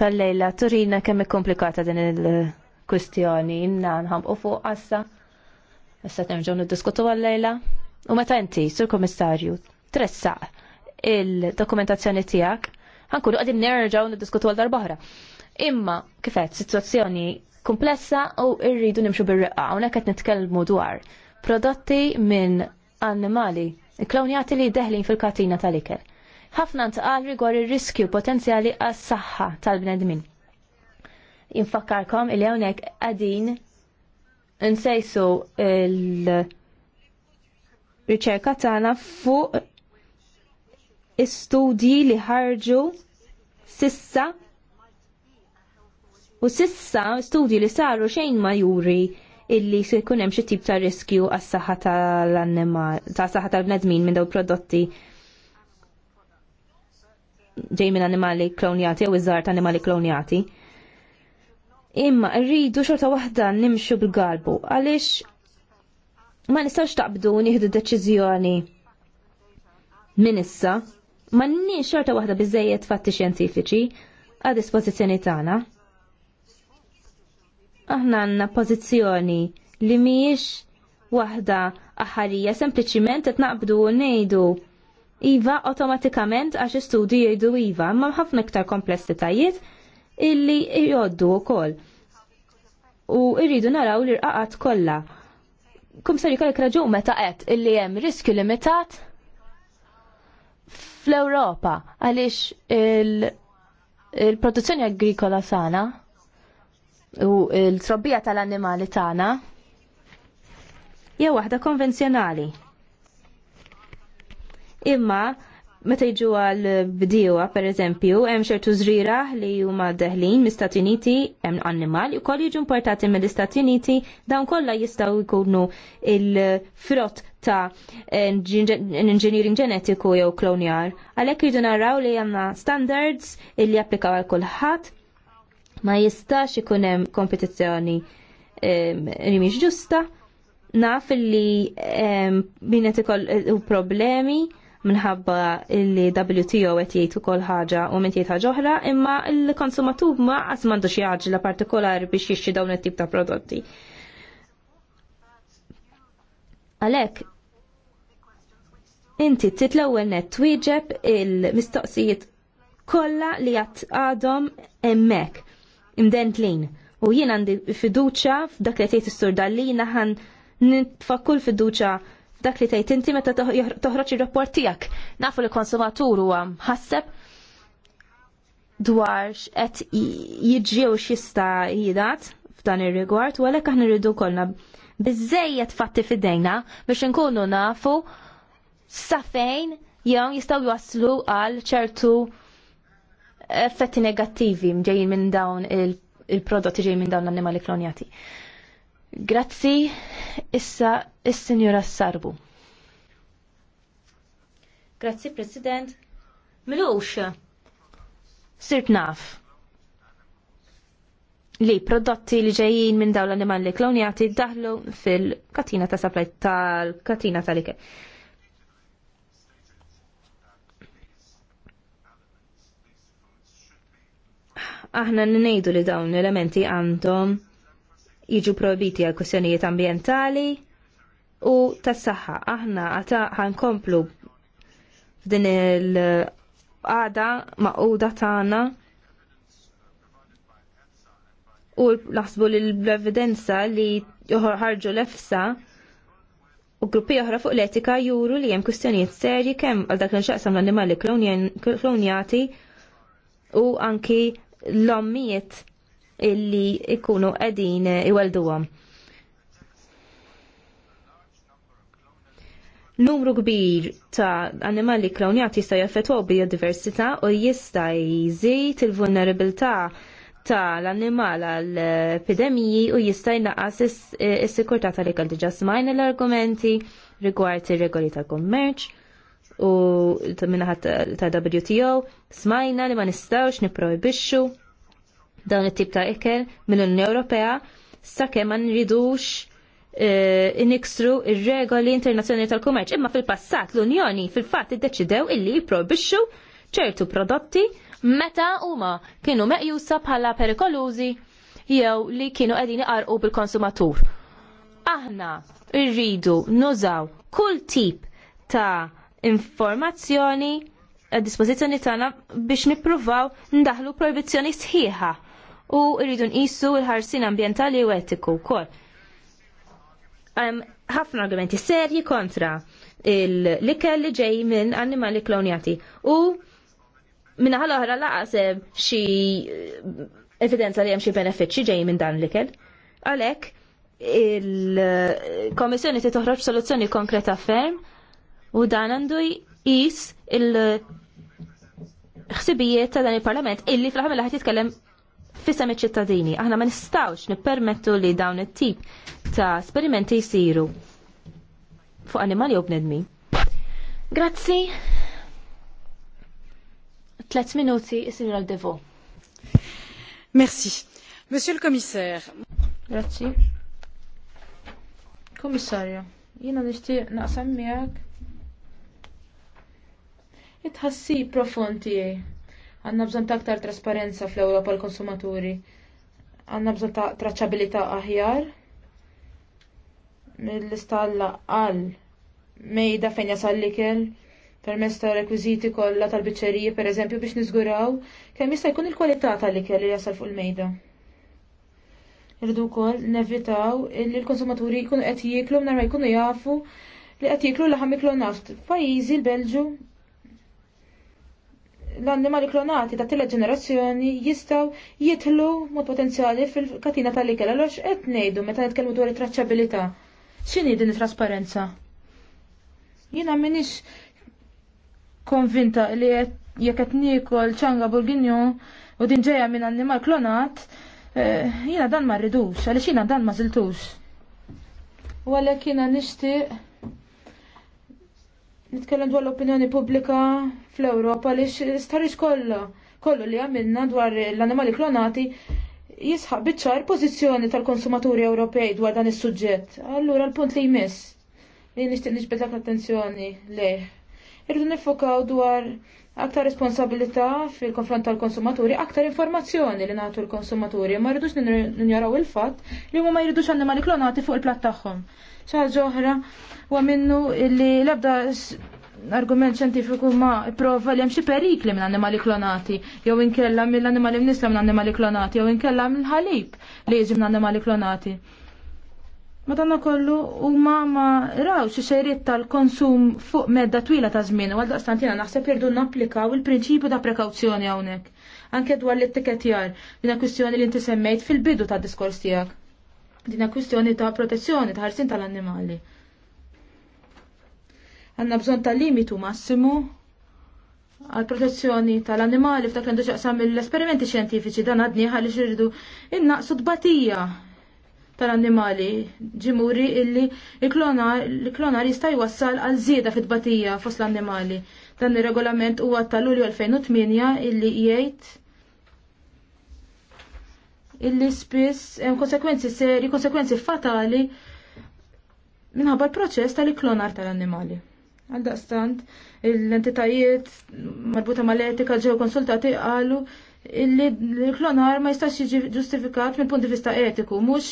Speaker 3: tal-lejla turina kemm ikkomplikata din il-kwistjoni inna nħamqu fuq qassa. Issa nerġgħu niddiskutu għal-lejla. U meta inti, Sur Kommissarju, tressaq il-dokumentazzjoni tiegħek, ħankunu qegħdin nerġgħu niddiskutu għal darba Imma, kifet, situazzjoni komplessa u irridu nimxu bir-reqqa, unek qed nitkellmu dwar prodotti minn annimali, klonjati li deħlin fil-katina tal-ikel. Ħafna ntqal rigor ir-riskju potenzjali għas-saħħa tal-bnedmin. Infakkarkom il hawnhekk qegħdin nsejsu il-riċerka tagħna fuq istudji li ħarġu sissa U sissa studji li saru xejn ma juri illi se jkun hemm xi tip ta' riskju għas-saħħa tal-annimal, ta' saħħa tal-bnedmin minn dawn prodotti ġej minn animali klonjati jew iż żgħar ta' animali klonjati. Imma rridu xorta waħda nimxu bil-galbu għaliex ma nistax taqbdu nieħdu deċiżjoni minn issa ma nix xorta waħda biżejjed fatti xjentifiċi għad dispożizzjoni tagħna aħna għandna pożizzjoni li mhijiex waħda aħarija, sempliciment qed naqbdu u ngħidu iva awtomatikament għax istudi jgħidu iva, Ma' ħafna iktar komplessitajiet illi jgħoddu wkoll. U rridu naraw l rqaqat kollha. Kum ser jkollek raġun meta qed illi hemm riskju limitat fl-Ewropa għaliex il-produzzjoni agrikola sana u l-trobbija tal-annimali tagħna hija waħda konvenzjonali. Imma meta jiġu għal bdiewa pereżempju, hemm ċertu żrira li huma deħlin mill-Stati Uniti hemm annimali wkoll jiġu importati mill-Istati Uniti dawn kollha jistgħu jkunu il-frott ta' engineering ġenetiku jew klonjar. Għalhekk jridu naraw li għandna standards illi applikaw għal kulħadd ma jistax ikun hemm kompetizzjoni li mhix ġusta, naf li min qed ikoll problemi minħabba li WTO qed jgħid ukoll ħaġa u minn jgħid ħaġa oħra, imma l-konsumatur ma qas m'għandux jaġla partikolari biex jixxi dawn it-tip ta' prodotti. Għalhekk inti titl-ewwel net twieġeb il-mistoqsijiet kollha li qatt għadhom hemmhekk imdent lejn. U jien għandi fiduċa f'dak li tgħid is-sur dallina ħan nitfakkul fiduċa f'dak li tgħid inti meta toħroġ ir-rapport tiegħek. Nafu li konsumatur huwa ħasseb dwar x'qed jiġri u x'jista' jidat f'dan ir-rigward u għalhekk aħna rridu kollna biżejjed fatti fidejna biex nkunu nafu sa fejn jew jistgħu jwaslu għal ċertu effetti negattivi mġejjin minn dawn il-prodotti il ġejjin minn dawn l-annimali klonjati. Grazzi, issa il sinjura Sarbu. Grazzi, President. Milux, sirt naf li prodotti li ġejjin minn dawn l-annimali klonjati daħlu fil-katina ta' supply tal-katina tal-ikel. aħna n-nejdu li dawn elementi għandhom jiġu probiti għal kwestjonijiet ambientali u tas saħħa aħna għata ħankomplu f'din il-għada maquda tagħna u naħsbu li l-evidenza li ħarġu l-efsa u gruppi oħra fuq l-etika juru li hemm kwistjonijiet serji kemm għal dak l-inxaqsam l-annimali klonjati u anki l-ommijiet illi ikunu qegħdin iwelduhom. Numru kbir ta' animali klonjat jista' jaffettwaw biodiversità u jista' jżid il-vulnerabilità tal-annimal għal epidemiji u jista' jnaqqas is-sikurtà tal-ikel diġà smajna l-argumenti rigward ir-regoli tal-kummerċ u minnaħat ta' WTO smajna li ma nistawx niprojbixxu dawn it-tip ta' ikel mill-Unjoni Ewropea sakemm ma nridux e, iniksru ir-regoli internazzjonali tal-kummerċ. Imma fil-passat l-Unjoni fil-fatt iddeċidew illi jipprobixxu ċertu prodotti meta huma kienu meqjusa bħala perikolużi jew li kienu qegħdin iqarqu bil-konsumatur. Aħna rridu nużaw kull tip ta' informazzjoni a dispożizzjoni tagħna biex nippruvaw ndaħlu proibizzjoni sħiħa u rridu nqisu l-ħarsin ambjentali u etiku wkoll. Ħafna argumenti serji kontra l-ikel li ġej minn annimali klonjati u minna ħal oħra laqaseb xi eh, evidenza li hemm xi benefiċċji ġej minn dan l-ikel. Għalhekk il-Komissjoni toħroġ soluzzjoni konkreta ferm U dan għandu jis il- ħsibijiet ta' dan il-parlament illi fl-ħamil ħat jitkellem fissam iċ-ċittadini. Aħna ma nistawx nippermettu li dawn it-tip ta' sperimenti jisiru fuq animali u bnedmi. Grazzi. Tlet minuti, il-Sinjora Devo.
Speaker 1: Merci. Monsieur le Commissaire. Grazzi. Kommissarju, jina nishtiq naqsam miegħek it-ħassib profond tiegħi. Għandna bżonn ta' aktar trasparenza fl-Ewropa l-konsumaturi. Għandna bżonn ta' traċċabilità aħjar mill-istalla għal mejda fejn jasal l-ikel permezz ta' rekwiżiti kollha tal-biċċeriji pereżempju biex niżguraw kemm jista' jkun il-kwalità tal-ikel li jasal fuq il-mejda. Irridu wkoll nevitaw li l-konsumaturi jkunu qed jieklu nhar ma jkunu jafu li qed jieklu laħam iklu naft. F'pajjiżi l-Belġu l-annimali klonati ta' tile ġenerazzjoni jistaw jitlu mod potenzjali fil-katina tal-ikel. Għalox qed ngħidu meta nitkellmu dwar it-traċċabilità. X'inhi din it-trasparenza? Jiena m'iniex konvinta li jekk qed nikol ċanga Burginjon u din ġejja minn annimal klonat, eh, jiena dan ma rridux, għaliex jiena dan ma ziltux. U għalhekk jiena nixtieq Nitkellem dwar l-opinjoni pubblika fl-Ewropa li starix kollha kollu li għamilna dwar l-animali klonati jisħaq biċċar pożizzjoni tal-konsumaturi Ewropej dwar dan is-suġġett. Allura l-punt li jmiss li nixtieq nixbet l-attenzjoni leh. Irridu nifokaw dwar aktar responsabilità fil-konfront tal-konsumaturi, aktar informazzjoni li nagħtu l-konsumaturi, ma rridux ninjaraw il-fatt li huma ma jridux annimali klonati fuq il-platt tagħhom ċaġa oħra u minnu li l-ebda argument ċentifiku ma prova li hemm xi perikli minn annimali klonati, jew inkella mill-annimali mnisla minn annimali klonati, jew inkella mill-ħalib li jiġi minn animali klonati. Madonna kollu u ma ma xie xejriet tal-konsum fuq medda twila ta' żmien, u għal-daqstantina naħseb jirdu napplikaw il-prinċipju ta' prekawzjoni hawnhekk anke dwar l etiketjar minna kwistjoni li inti semmejt fil-bidu ta' diskors tijak. Dina kwistjoni ta' protezzjoni ta' ħarsin tal-annimali. Għanna bżon ta' limitu massimu għal protezzjoni tal-annimali f'dak l-għandu xaqsam mill-esperimenti xjentifiċi dan għadni għalli xirridu innaqsu sudbatija tal-annimali ġimuri illi il-klonar jista' jwassal għal żieda fit-tbatija fost l-annimali. Dan ir-regolament huwa tal-Lulju 2008 illi jgħid illi spiss hemm konsekwenzi seri, konsekwenzi fatali minħabba l-proċess tal-iklonar tal-annimali. Għaldaqstant, l-entitajiet marbuta mal-etika ġew konsultati qalu illi l-klonar ma jistax jiġi ġustifikat minn punt di vista etiku, mhux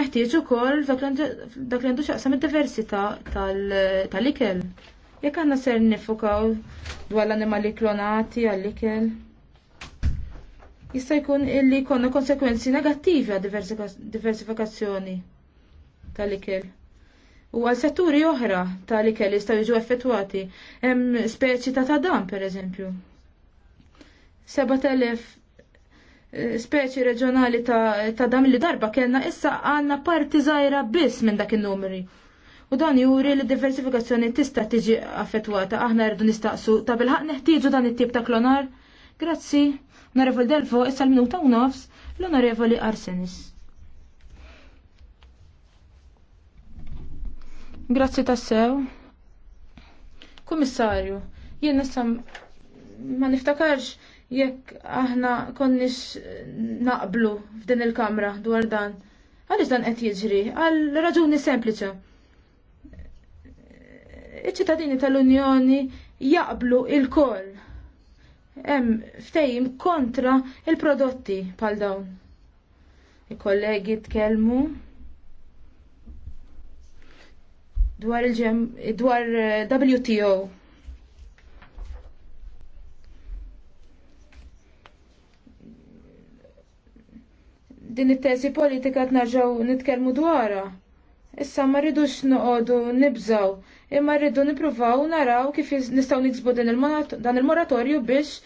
Speaker 1: meħtieġ ukoll dak li għandu xaqsam id-diversità tal-ikel. Jekk għandna ser nifukaw dwar l-annimali klonati għall-ikel jista' jkun illi jkollna konsekwenzi negattivi għad diversifikazzjoni tal-ikel. U għal setturi oħra tal-ikel jistgħu jiġu effettwati hemm speċi ta' tadam pereżempju. 7000 eh, speċi reġjonali ta', ta dam li darba kellna issa għandna parti żgħira biss minn dak in-numri. U dan juri li diversifikazzjoni tista' tiġi affettwata aħna rridu nistaqsu ta' bilħaq neħtieġu dan it-tip ta' klonar. Grazzi. Onorevoli Delfo, issa l-minuta u nofs l-Onorevoli Arsenis. Grazzi tassew. Kummissarju, jien nisam ma niftakarx jekk aħna konniex naqblu f'din il-kamra dwar dan. Għaliex dan qed jiġri? Għal raġuni sempliċa. Iċ-ċittadini tal-Unjoni jaqblu il-koll hemm ftejim kontra il-prodotti pal dawn. Il-kollegi tkellmu dwar il-ġem dwar eh, WTO. Din it-tesi politika tnaġaw nitkellmu dwarha Issa ma rridux noqogħdu nibżaw, imma rridu nippruvaw naraw kif nistgħu niksbu dan il-moratorju biex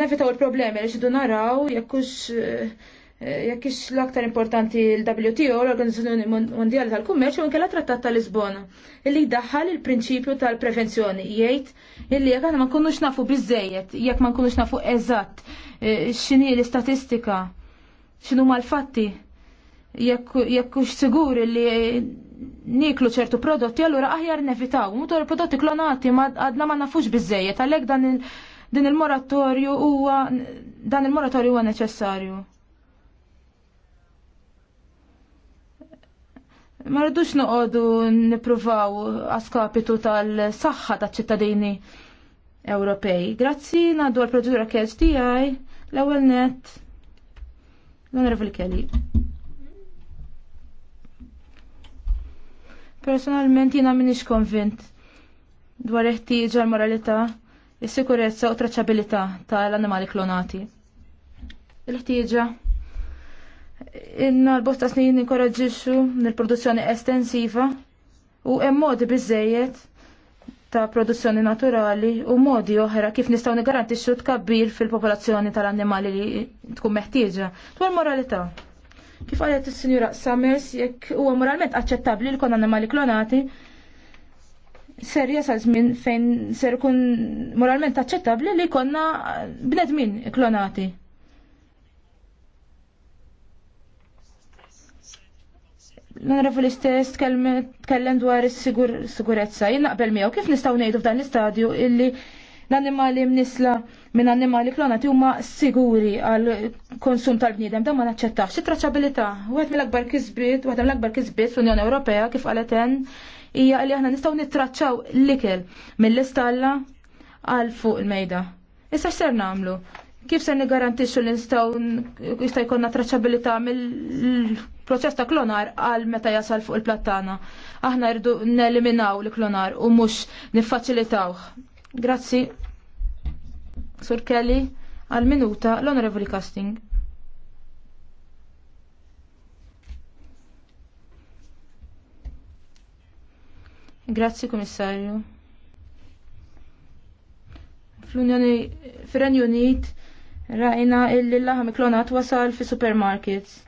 Speaker 1: nevitaw il-problemi li xidu naraw jekkux jekk hux eh, l-aktar importanti l-WTO, l-Organizzazzjoni Mondjali tal-Kummerċ, u nkella trattat tal-Lisbona, illi jdaħħal il-prinċipju tal-prevenzjoni, jgħid illi jekk aħna ma nkunux nafu biżejjed, jekk ma nkunux nafu eżatt eh, x'inhi l-istatistika, x'inhuma l-fatti, jekk hux sigur illi niklu ċertu prodotti, allura aħjar nevitaw. l prodotti klonati ma għadna ma nafux bizzejiet, għalek dan il- din il-moratorju huwa dan il-moratorju huwa neċessarju. Ma rridux noqogħdu nippruvaw għaskapitu tal-saħħa taċ-ċittadini Ewropej. Grazzi ngħaddu għall-proċedura catch tiegħi l-ewwel net l-Onorevoli Kelly. Personalment jina minix konvint dwar eħtieġa l-moralità, is-sikurezza u traċabilità tal-annimali klonati. Il-ħtieġa inna l-bosta snin inkoraġġixxu nil-produzzjoni estensiva u hemm modi biżejjed ta' produzzjoni naturali u modi oħra kif nistgħu nigarantixxu tkabbir fil-popolazzjoni tal-annimali li tkun meħtieġa dwar moralità. Kif għalet il-Sinjura Summers, jekk huwa moralment aċċettabli li kon annimali klonati, ser jasal żmien fejn ser kun moralment aċċettabbli li konna bnedmin klonati. L-onorevoli stess tkellem dwar is-sigurezza, jien naqbel miegħu kif nistgħu ngħidu f'dan l-istadju illi l-annimali mnisla minn annimali klonati huma siguri għal konsum tal-bniedem, dan ma naċċettax. it u wieħed mill-akbar kisbiet, wieħed mill-akbar kisbiet fl-Unjoni Ewropea kif qalet hemm hija li aħna nistgħu nittraċċaw l-ikel mill-istalla għal fuq il-mejda. Issa x'ser nagħmlu? Kif se nigarantixxu li nistgħu jista' jkollna traċabilità mill-proċess ta' klonar għal meta jasal fuq il-plattana? Aħna rridu neliminaw l-klonar u mhux niffaċilitawh. Grazzi, Sur Kelly, għal minuta l-Onorevoli Casting. Grazzi, Komissarju. Fl-Unjoni, fir Unit, rajna illi l-laħam klonat wasal fi supermarkets.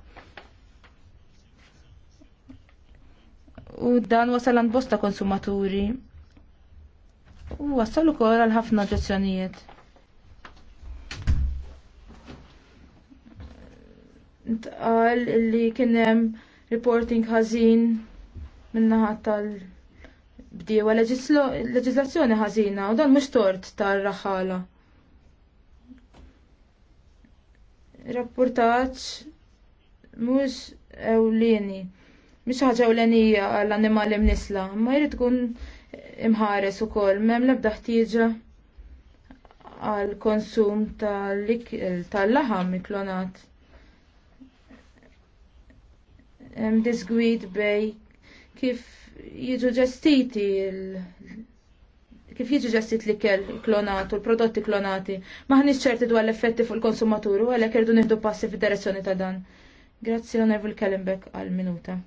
Speaker 1: U dan wasal għand bosta konsumaturi. U wassal ukoll għal ħafna oġġezzjonijiet. Ntqal li kien hemm reporting ħażin min-naħa tal-bdiewa leġislazzjoni ħażina u dan mhux tort tar-raħala. Rapportaġġ mhux ewlieni, Mux ħaġa ewlenija għall-annimali mnisla, ma jrid tkun imħares ukoll m'hemm l-ebda ħtieġa għal konsum tal-laħam miklonat. Hemm disgwid bej kif jiġu ġestiti kif jiġu ġestit li kell klonat u l-prodotti klonati. Maħniċ ċerti dwar l-effetti fuq il-konsumaturu għalek irdu nieħdu passi fid-direzzjoni ta' dan. Grazzi l-Onorevol Kellenbeck għal-minuta.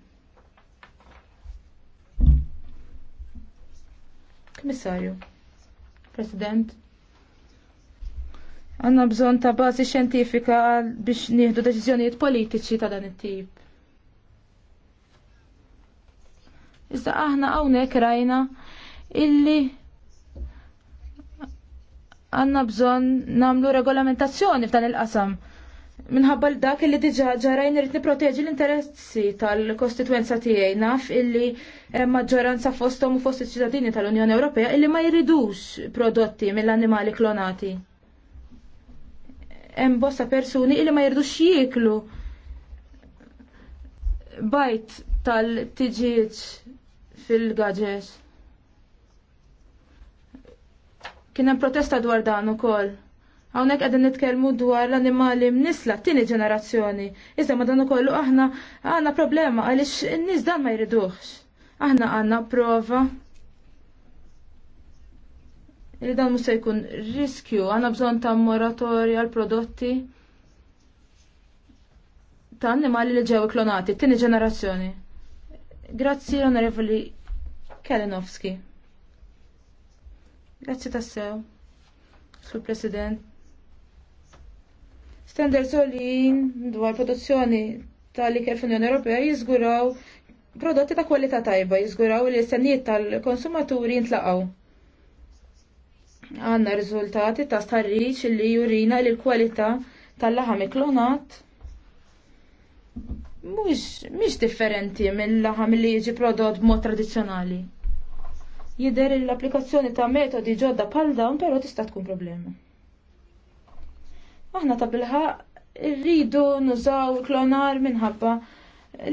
Speaker 1: Kmissarju, President, għanna bżon ta' bazi xjentifika biex nieħdu deċiżjonijiet politiċi ta' dan it-tip. Iżda aħna hawnhekk rajna illi għanna bżon namlu regolamentazzjoni f'dan il-qasam minħabba l-dak li diġa ġarajn irrit niproteġi l-interessi tal-kostituenza tiegħi naf illi maġġoranza fostom u fost iċ-ċittadini tal-Unjoni Ewropea illi ma jridux prodotti mill-annimali klonati. Hemm bosta persuni illi ma jiridux jieklu bajt tal-tiġiġ fil-gaġeġ. Kien hemm protesta dwar dan ukoll Hawnhekk qegħdin nitkellmu dwar l-annimali mnisla t-tieni ġenerazzjoni. Iżda ma dan ukollu aħna għandna problema għaliex in-nies dan ma jriduhx. Aħna għandna prova li dan mhux se jkun riskju, għandna bżonn ta' moratorja għal prodotti ta' annimali li ġew klonati, t ġenerazzjoni. Grazzi l-Onorevoli Kalinowski. Grazzi tassew, Sur President. Standards għolin dwar produzzjoni tal-ikel fl-Unjoni Ewropea jiżguraw prodotti ta' kwalità tajba, jiżguraw li s istennijiet tal-konsumaturi jintlaqgħu. Għanna riżultati ta' starriċ li jurina li l-kwalità tal-laħam iklonat mux differenti minn laħam li jiġi prodott b'mod tradizzjonali. Jidher l-applikazzjoni ta' metodi ġodda bħal dawn però tista' tkun problema. Aħna ta' bilħa rridu nużaw klonar minħabba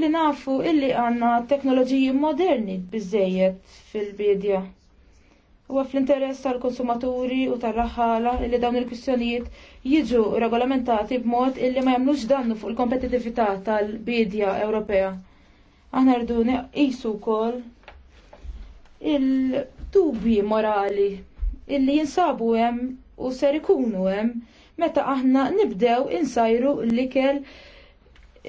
Speaker 1: li nafu illi għanna teknoloġiji moderni bizzejiet fil-bidja. U fl-interess tal-konsumaturi u tal-raħala illi dawn il-kwistjonijiet jiġu regolamentati b'mod illi ma jagħmlux dannu fuq il-kompetitività tal-bidja Ewropea. Aħna rridu neqisu wkoll il tubi morali illi jinsabu hemm u ser ikunu hemm meta aħna nibdew insajru l-ikel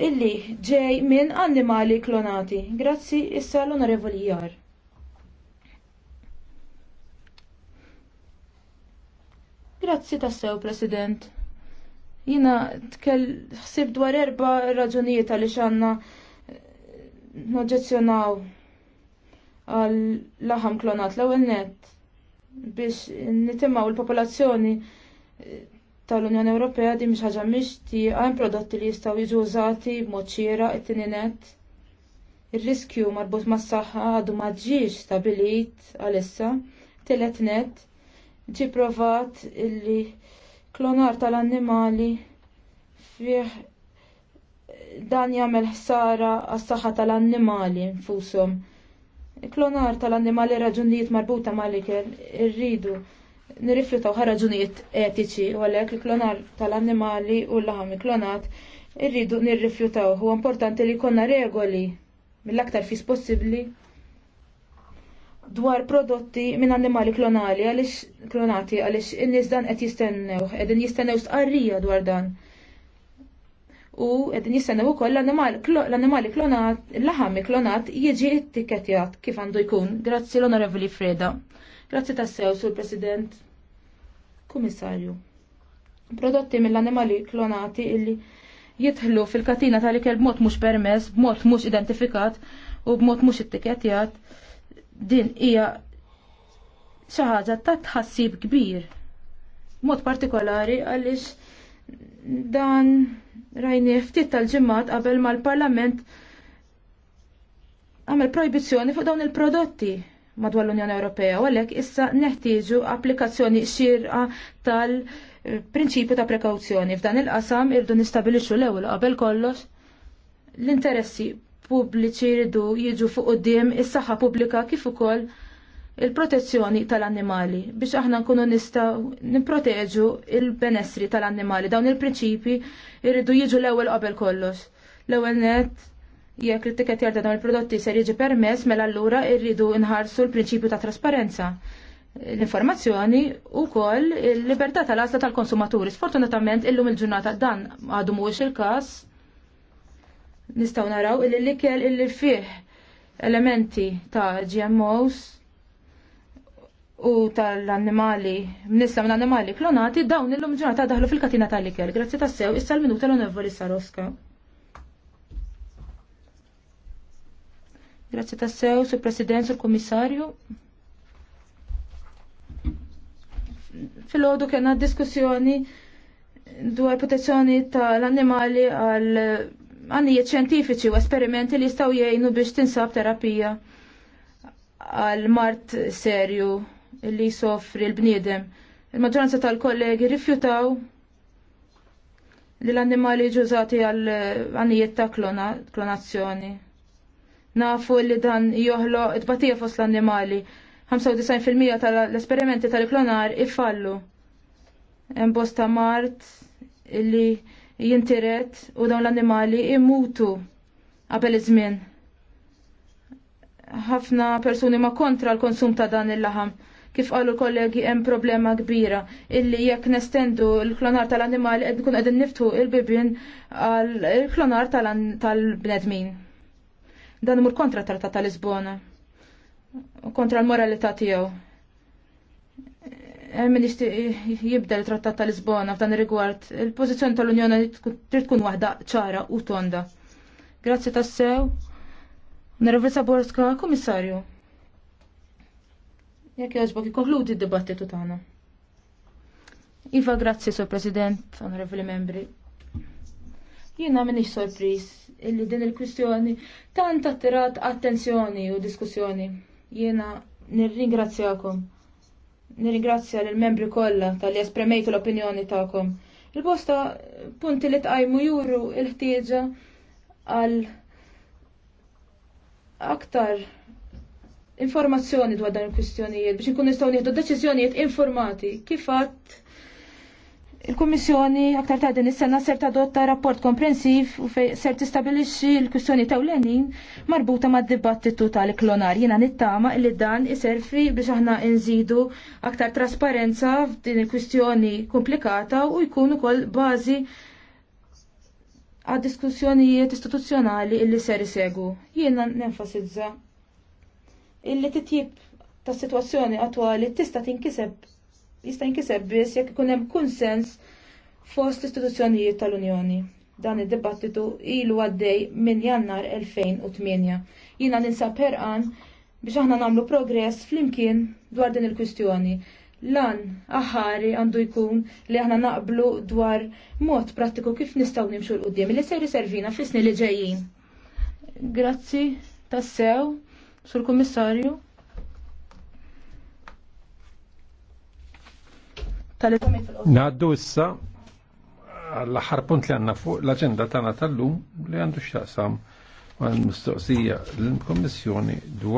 Speaker 1: illi ġej minn annimali klonati. Grazzi issa l-onorevoli jar. Grazzi tassew, President. Jina tkell dwar erba raġunijiet għal xanna eh, noġezzjonaw għal laħam klonat l ewwel net biex nitimaw l popolazzjoni eh, tal-Unjoni Ewropea di mhix ħaġa mixtieqa hemm prodotti li jistgħu jiġu użati b'mod xieraq it-tieni Ir-riskju marbut mas-saħħa għadu ma ġiex stabilit għalissa. Tilet net ġi provat illi klonar tal-annimali fih dan jagħmel ħsara għas-saħħa tal-annimali nfushom. Klonar tal-annimali raġunijiet marbuta mal-ikel irridu nirriflutaw ħarraġunijiet etiċi u għalek il-klonar tal-annimali u l-laħam klonat irridu nirrifjutaw. U importanti li jkollna regoli mill-aktar fis possibbli dwar prodotti minn annimali klonali għaliex klonati għaliex in-nies dan qed jistennew, qegħdin jistennew stqarrija dwar dan. U qegħdin jistennew ukoll l-annimali klonat, l-laħami klonat jiġi tiketjat kif għandu jkun. Grazzi l-Onorevoli Freda. Grazzi tassew, Sur President. Kummissarju, prodotti mill-annimali klonati illi jidħlu fil-katina tal-ikel b'mod mhux permess, b'mod mhux identifikat u b'mod mhux ittiketjat, din hija xi ħaġa ta' tħassib kbir. Mod partikolari għaliex dan rajni ftit tal-ġimgħat qabel mal-Parlament għamel proibizzjoni fuq dawn il-prodotti madwar l-Unjoni Ewropea u għalhekk issa neħtieġu applikazzjoni xirqa tal-prinċipju ta' prekawzjoni. F'dan il-qasam irdu nistabilixxu l-ewwel qabel kollox l-interessi pubbliċi jridu jiġu fuq quddiem is-saħħa pubblika kif ukoll il-protezzjoni tal-annimali biex aħna nkunu nistgħu nipproteġu il-benessri tal-annimali dawn il-prinċipi jridu jiġu l-ewwel qabel kollox. L-ewwel net Jekk l-tiket jarda dawn il-prodotti ser jiġi permess mela allura irridu nħarsu l-prinċipju ta' trasparenza l-informazzjoni u koll il-libertà tal asta tal-konsumaturi. Sfortunatament illum il-ġurnata dan għadu mhuwiex il-każ. Nistgħu naraw illi l-ikel illi fih elementi ta' GMOs u tal-annimali, nisla minn annimali klonati, dawn illum ġurnata daħlu fil-katina tal likel Grazzi tassew, issa l-minuta l onevoli Saroska. Grazzi tassew, Sur President, Sur Komissarju. Fil-ħodu kena diskussjoni dwar protezzjoni tal-animali għal għannijiet scientifici u esperimenti li jistaw jgħinu biex tinsab terapija al mart serju li soffri l-bniedem. Il-maġġoranza tal-kollegi rifiutau li l-annimali ġużati anni għannijiet ta' klonazzjoni. Nafu li dan joħloq it-batija fost l-annimali. 95% tal-esperimenti tal-klonar ifallu. Embosta mart li jintiret u dawn l-annimali imutu qabel iż-żmien. Ħafna persuni ma kontra l-konsum ta' dan il-laħam kif qalu kollegi hemm problema kbira illi jekk nestendu l-klonar tal-animali qed nkun qegħdin niftu il-bibien għal il-klonar tal-bnedmin. Dan imur kontra Trattat ta' Lisbona u kontra l-moralità tiegħu. Hemm eh, min jibda l-Trattat ta' Lisbona f'dan ir-rigward. Il-pożizzjoni tal-Unjoni trid tkun waħda ċara u tonda. Grazzi tassew. Nervisa Borska, Komissarju. Jekk jogħġbok ikkonkludi d-dibattitu tagħna. Iva, grazzi, Sur President, onorevoli membri. Jiena minix sorpris illi din il-kwistjoni tant attirat attenzjoni u diskussjoni. Jiena nirringrazzjakom. Nirringrazzja l-membri kollha tal-li espremejtu l-opinjoni tagħkom. Il-bosta punti li tqajmu juru il-ħtieġa għal aktar informazzjoni dwar dan il-kwistjonijiet biex nkun nistgħu nieħdu deċiżjonijiet informati kif għadd Il-Kummissjoni aktar ta' din is-sena ser tadotta rapport komprensiv u fej ser tistabilixxi l-kwistjoni ta' lenin marbuta mad-dibattitu tal-klonar. Jiena nittama li dan iserfi biex aħna nżidu aktar trasparenza f'din il-kwistjoni komplikata u jkun ukoll bażi għad diskussjonijiet istituzzjonali illi ser isegu. Jiena nenfasizza illi titjib ta' situazzjoni attwali tista' tinkiseb jista' jinkiseb biss jekk ikun hemm kunsens fost l-istituzzjonijiet tal-Unjoni. Dan id-dibattitu ilu għaddej minn jannar 2008. Jina ninsab perqan biex aħna nagħmlu progress flimkien dwar din il-kwistjoni. Lan aħari għandu jkun li aħna naqblu dwar mod prattiku kif nistgħu nimxu l-qudiem li se riservina fis-snin li ġejjin. Grazzi tassew, sur kummissarju. Naddu
Speaker 2: issa l-aħħar punt li għanna fuq l-agenda tagħna tal-lum li għandu x'taqsam għal mistoqsija l-Kommissjoni dwar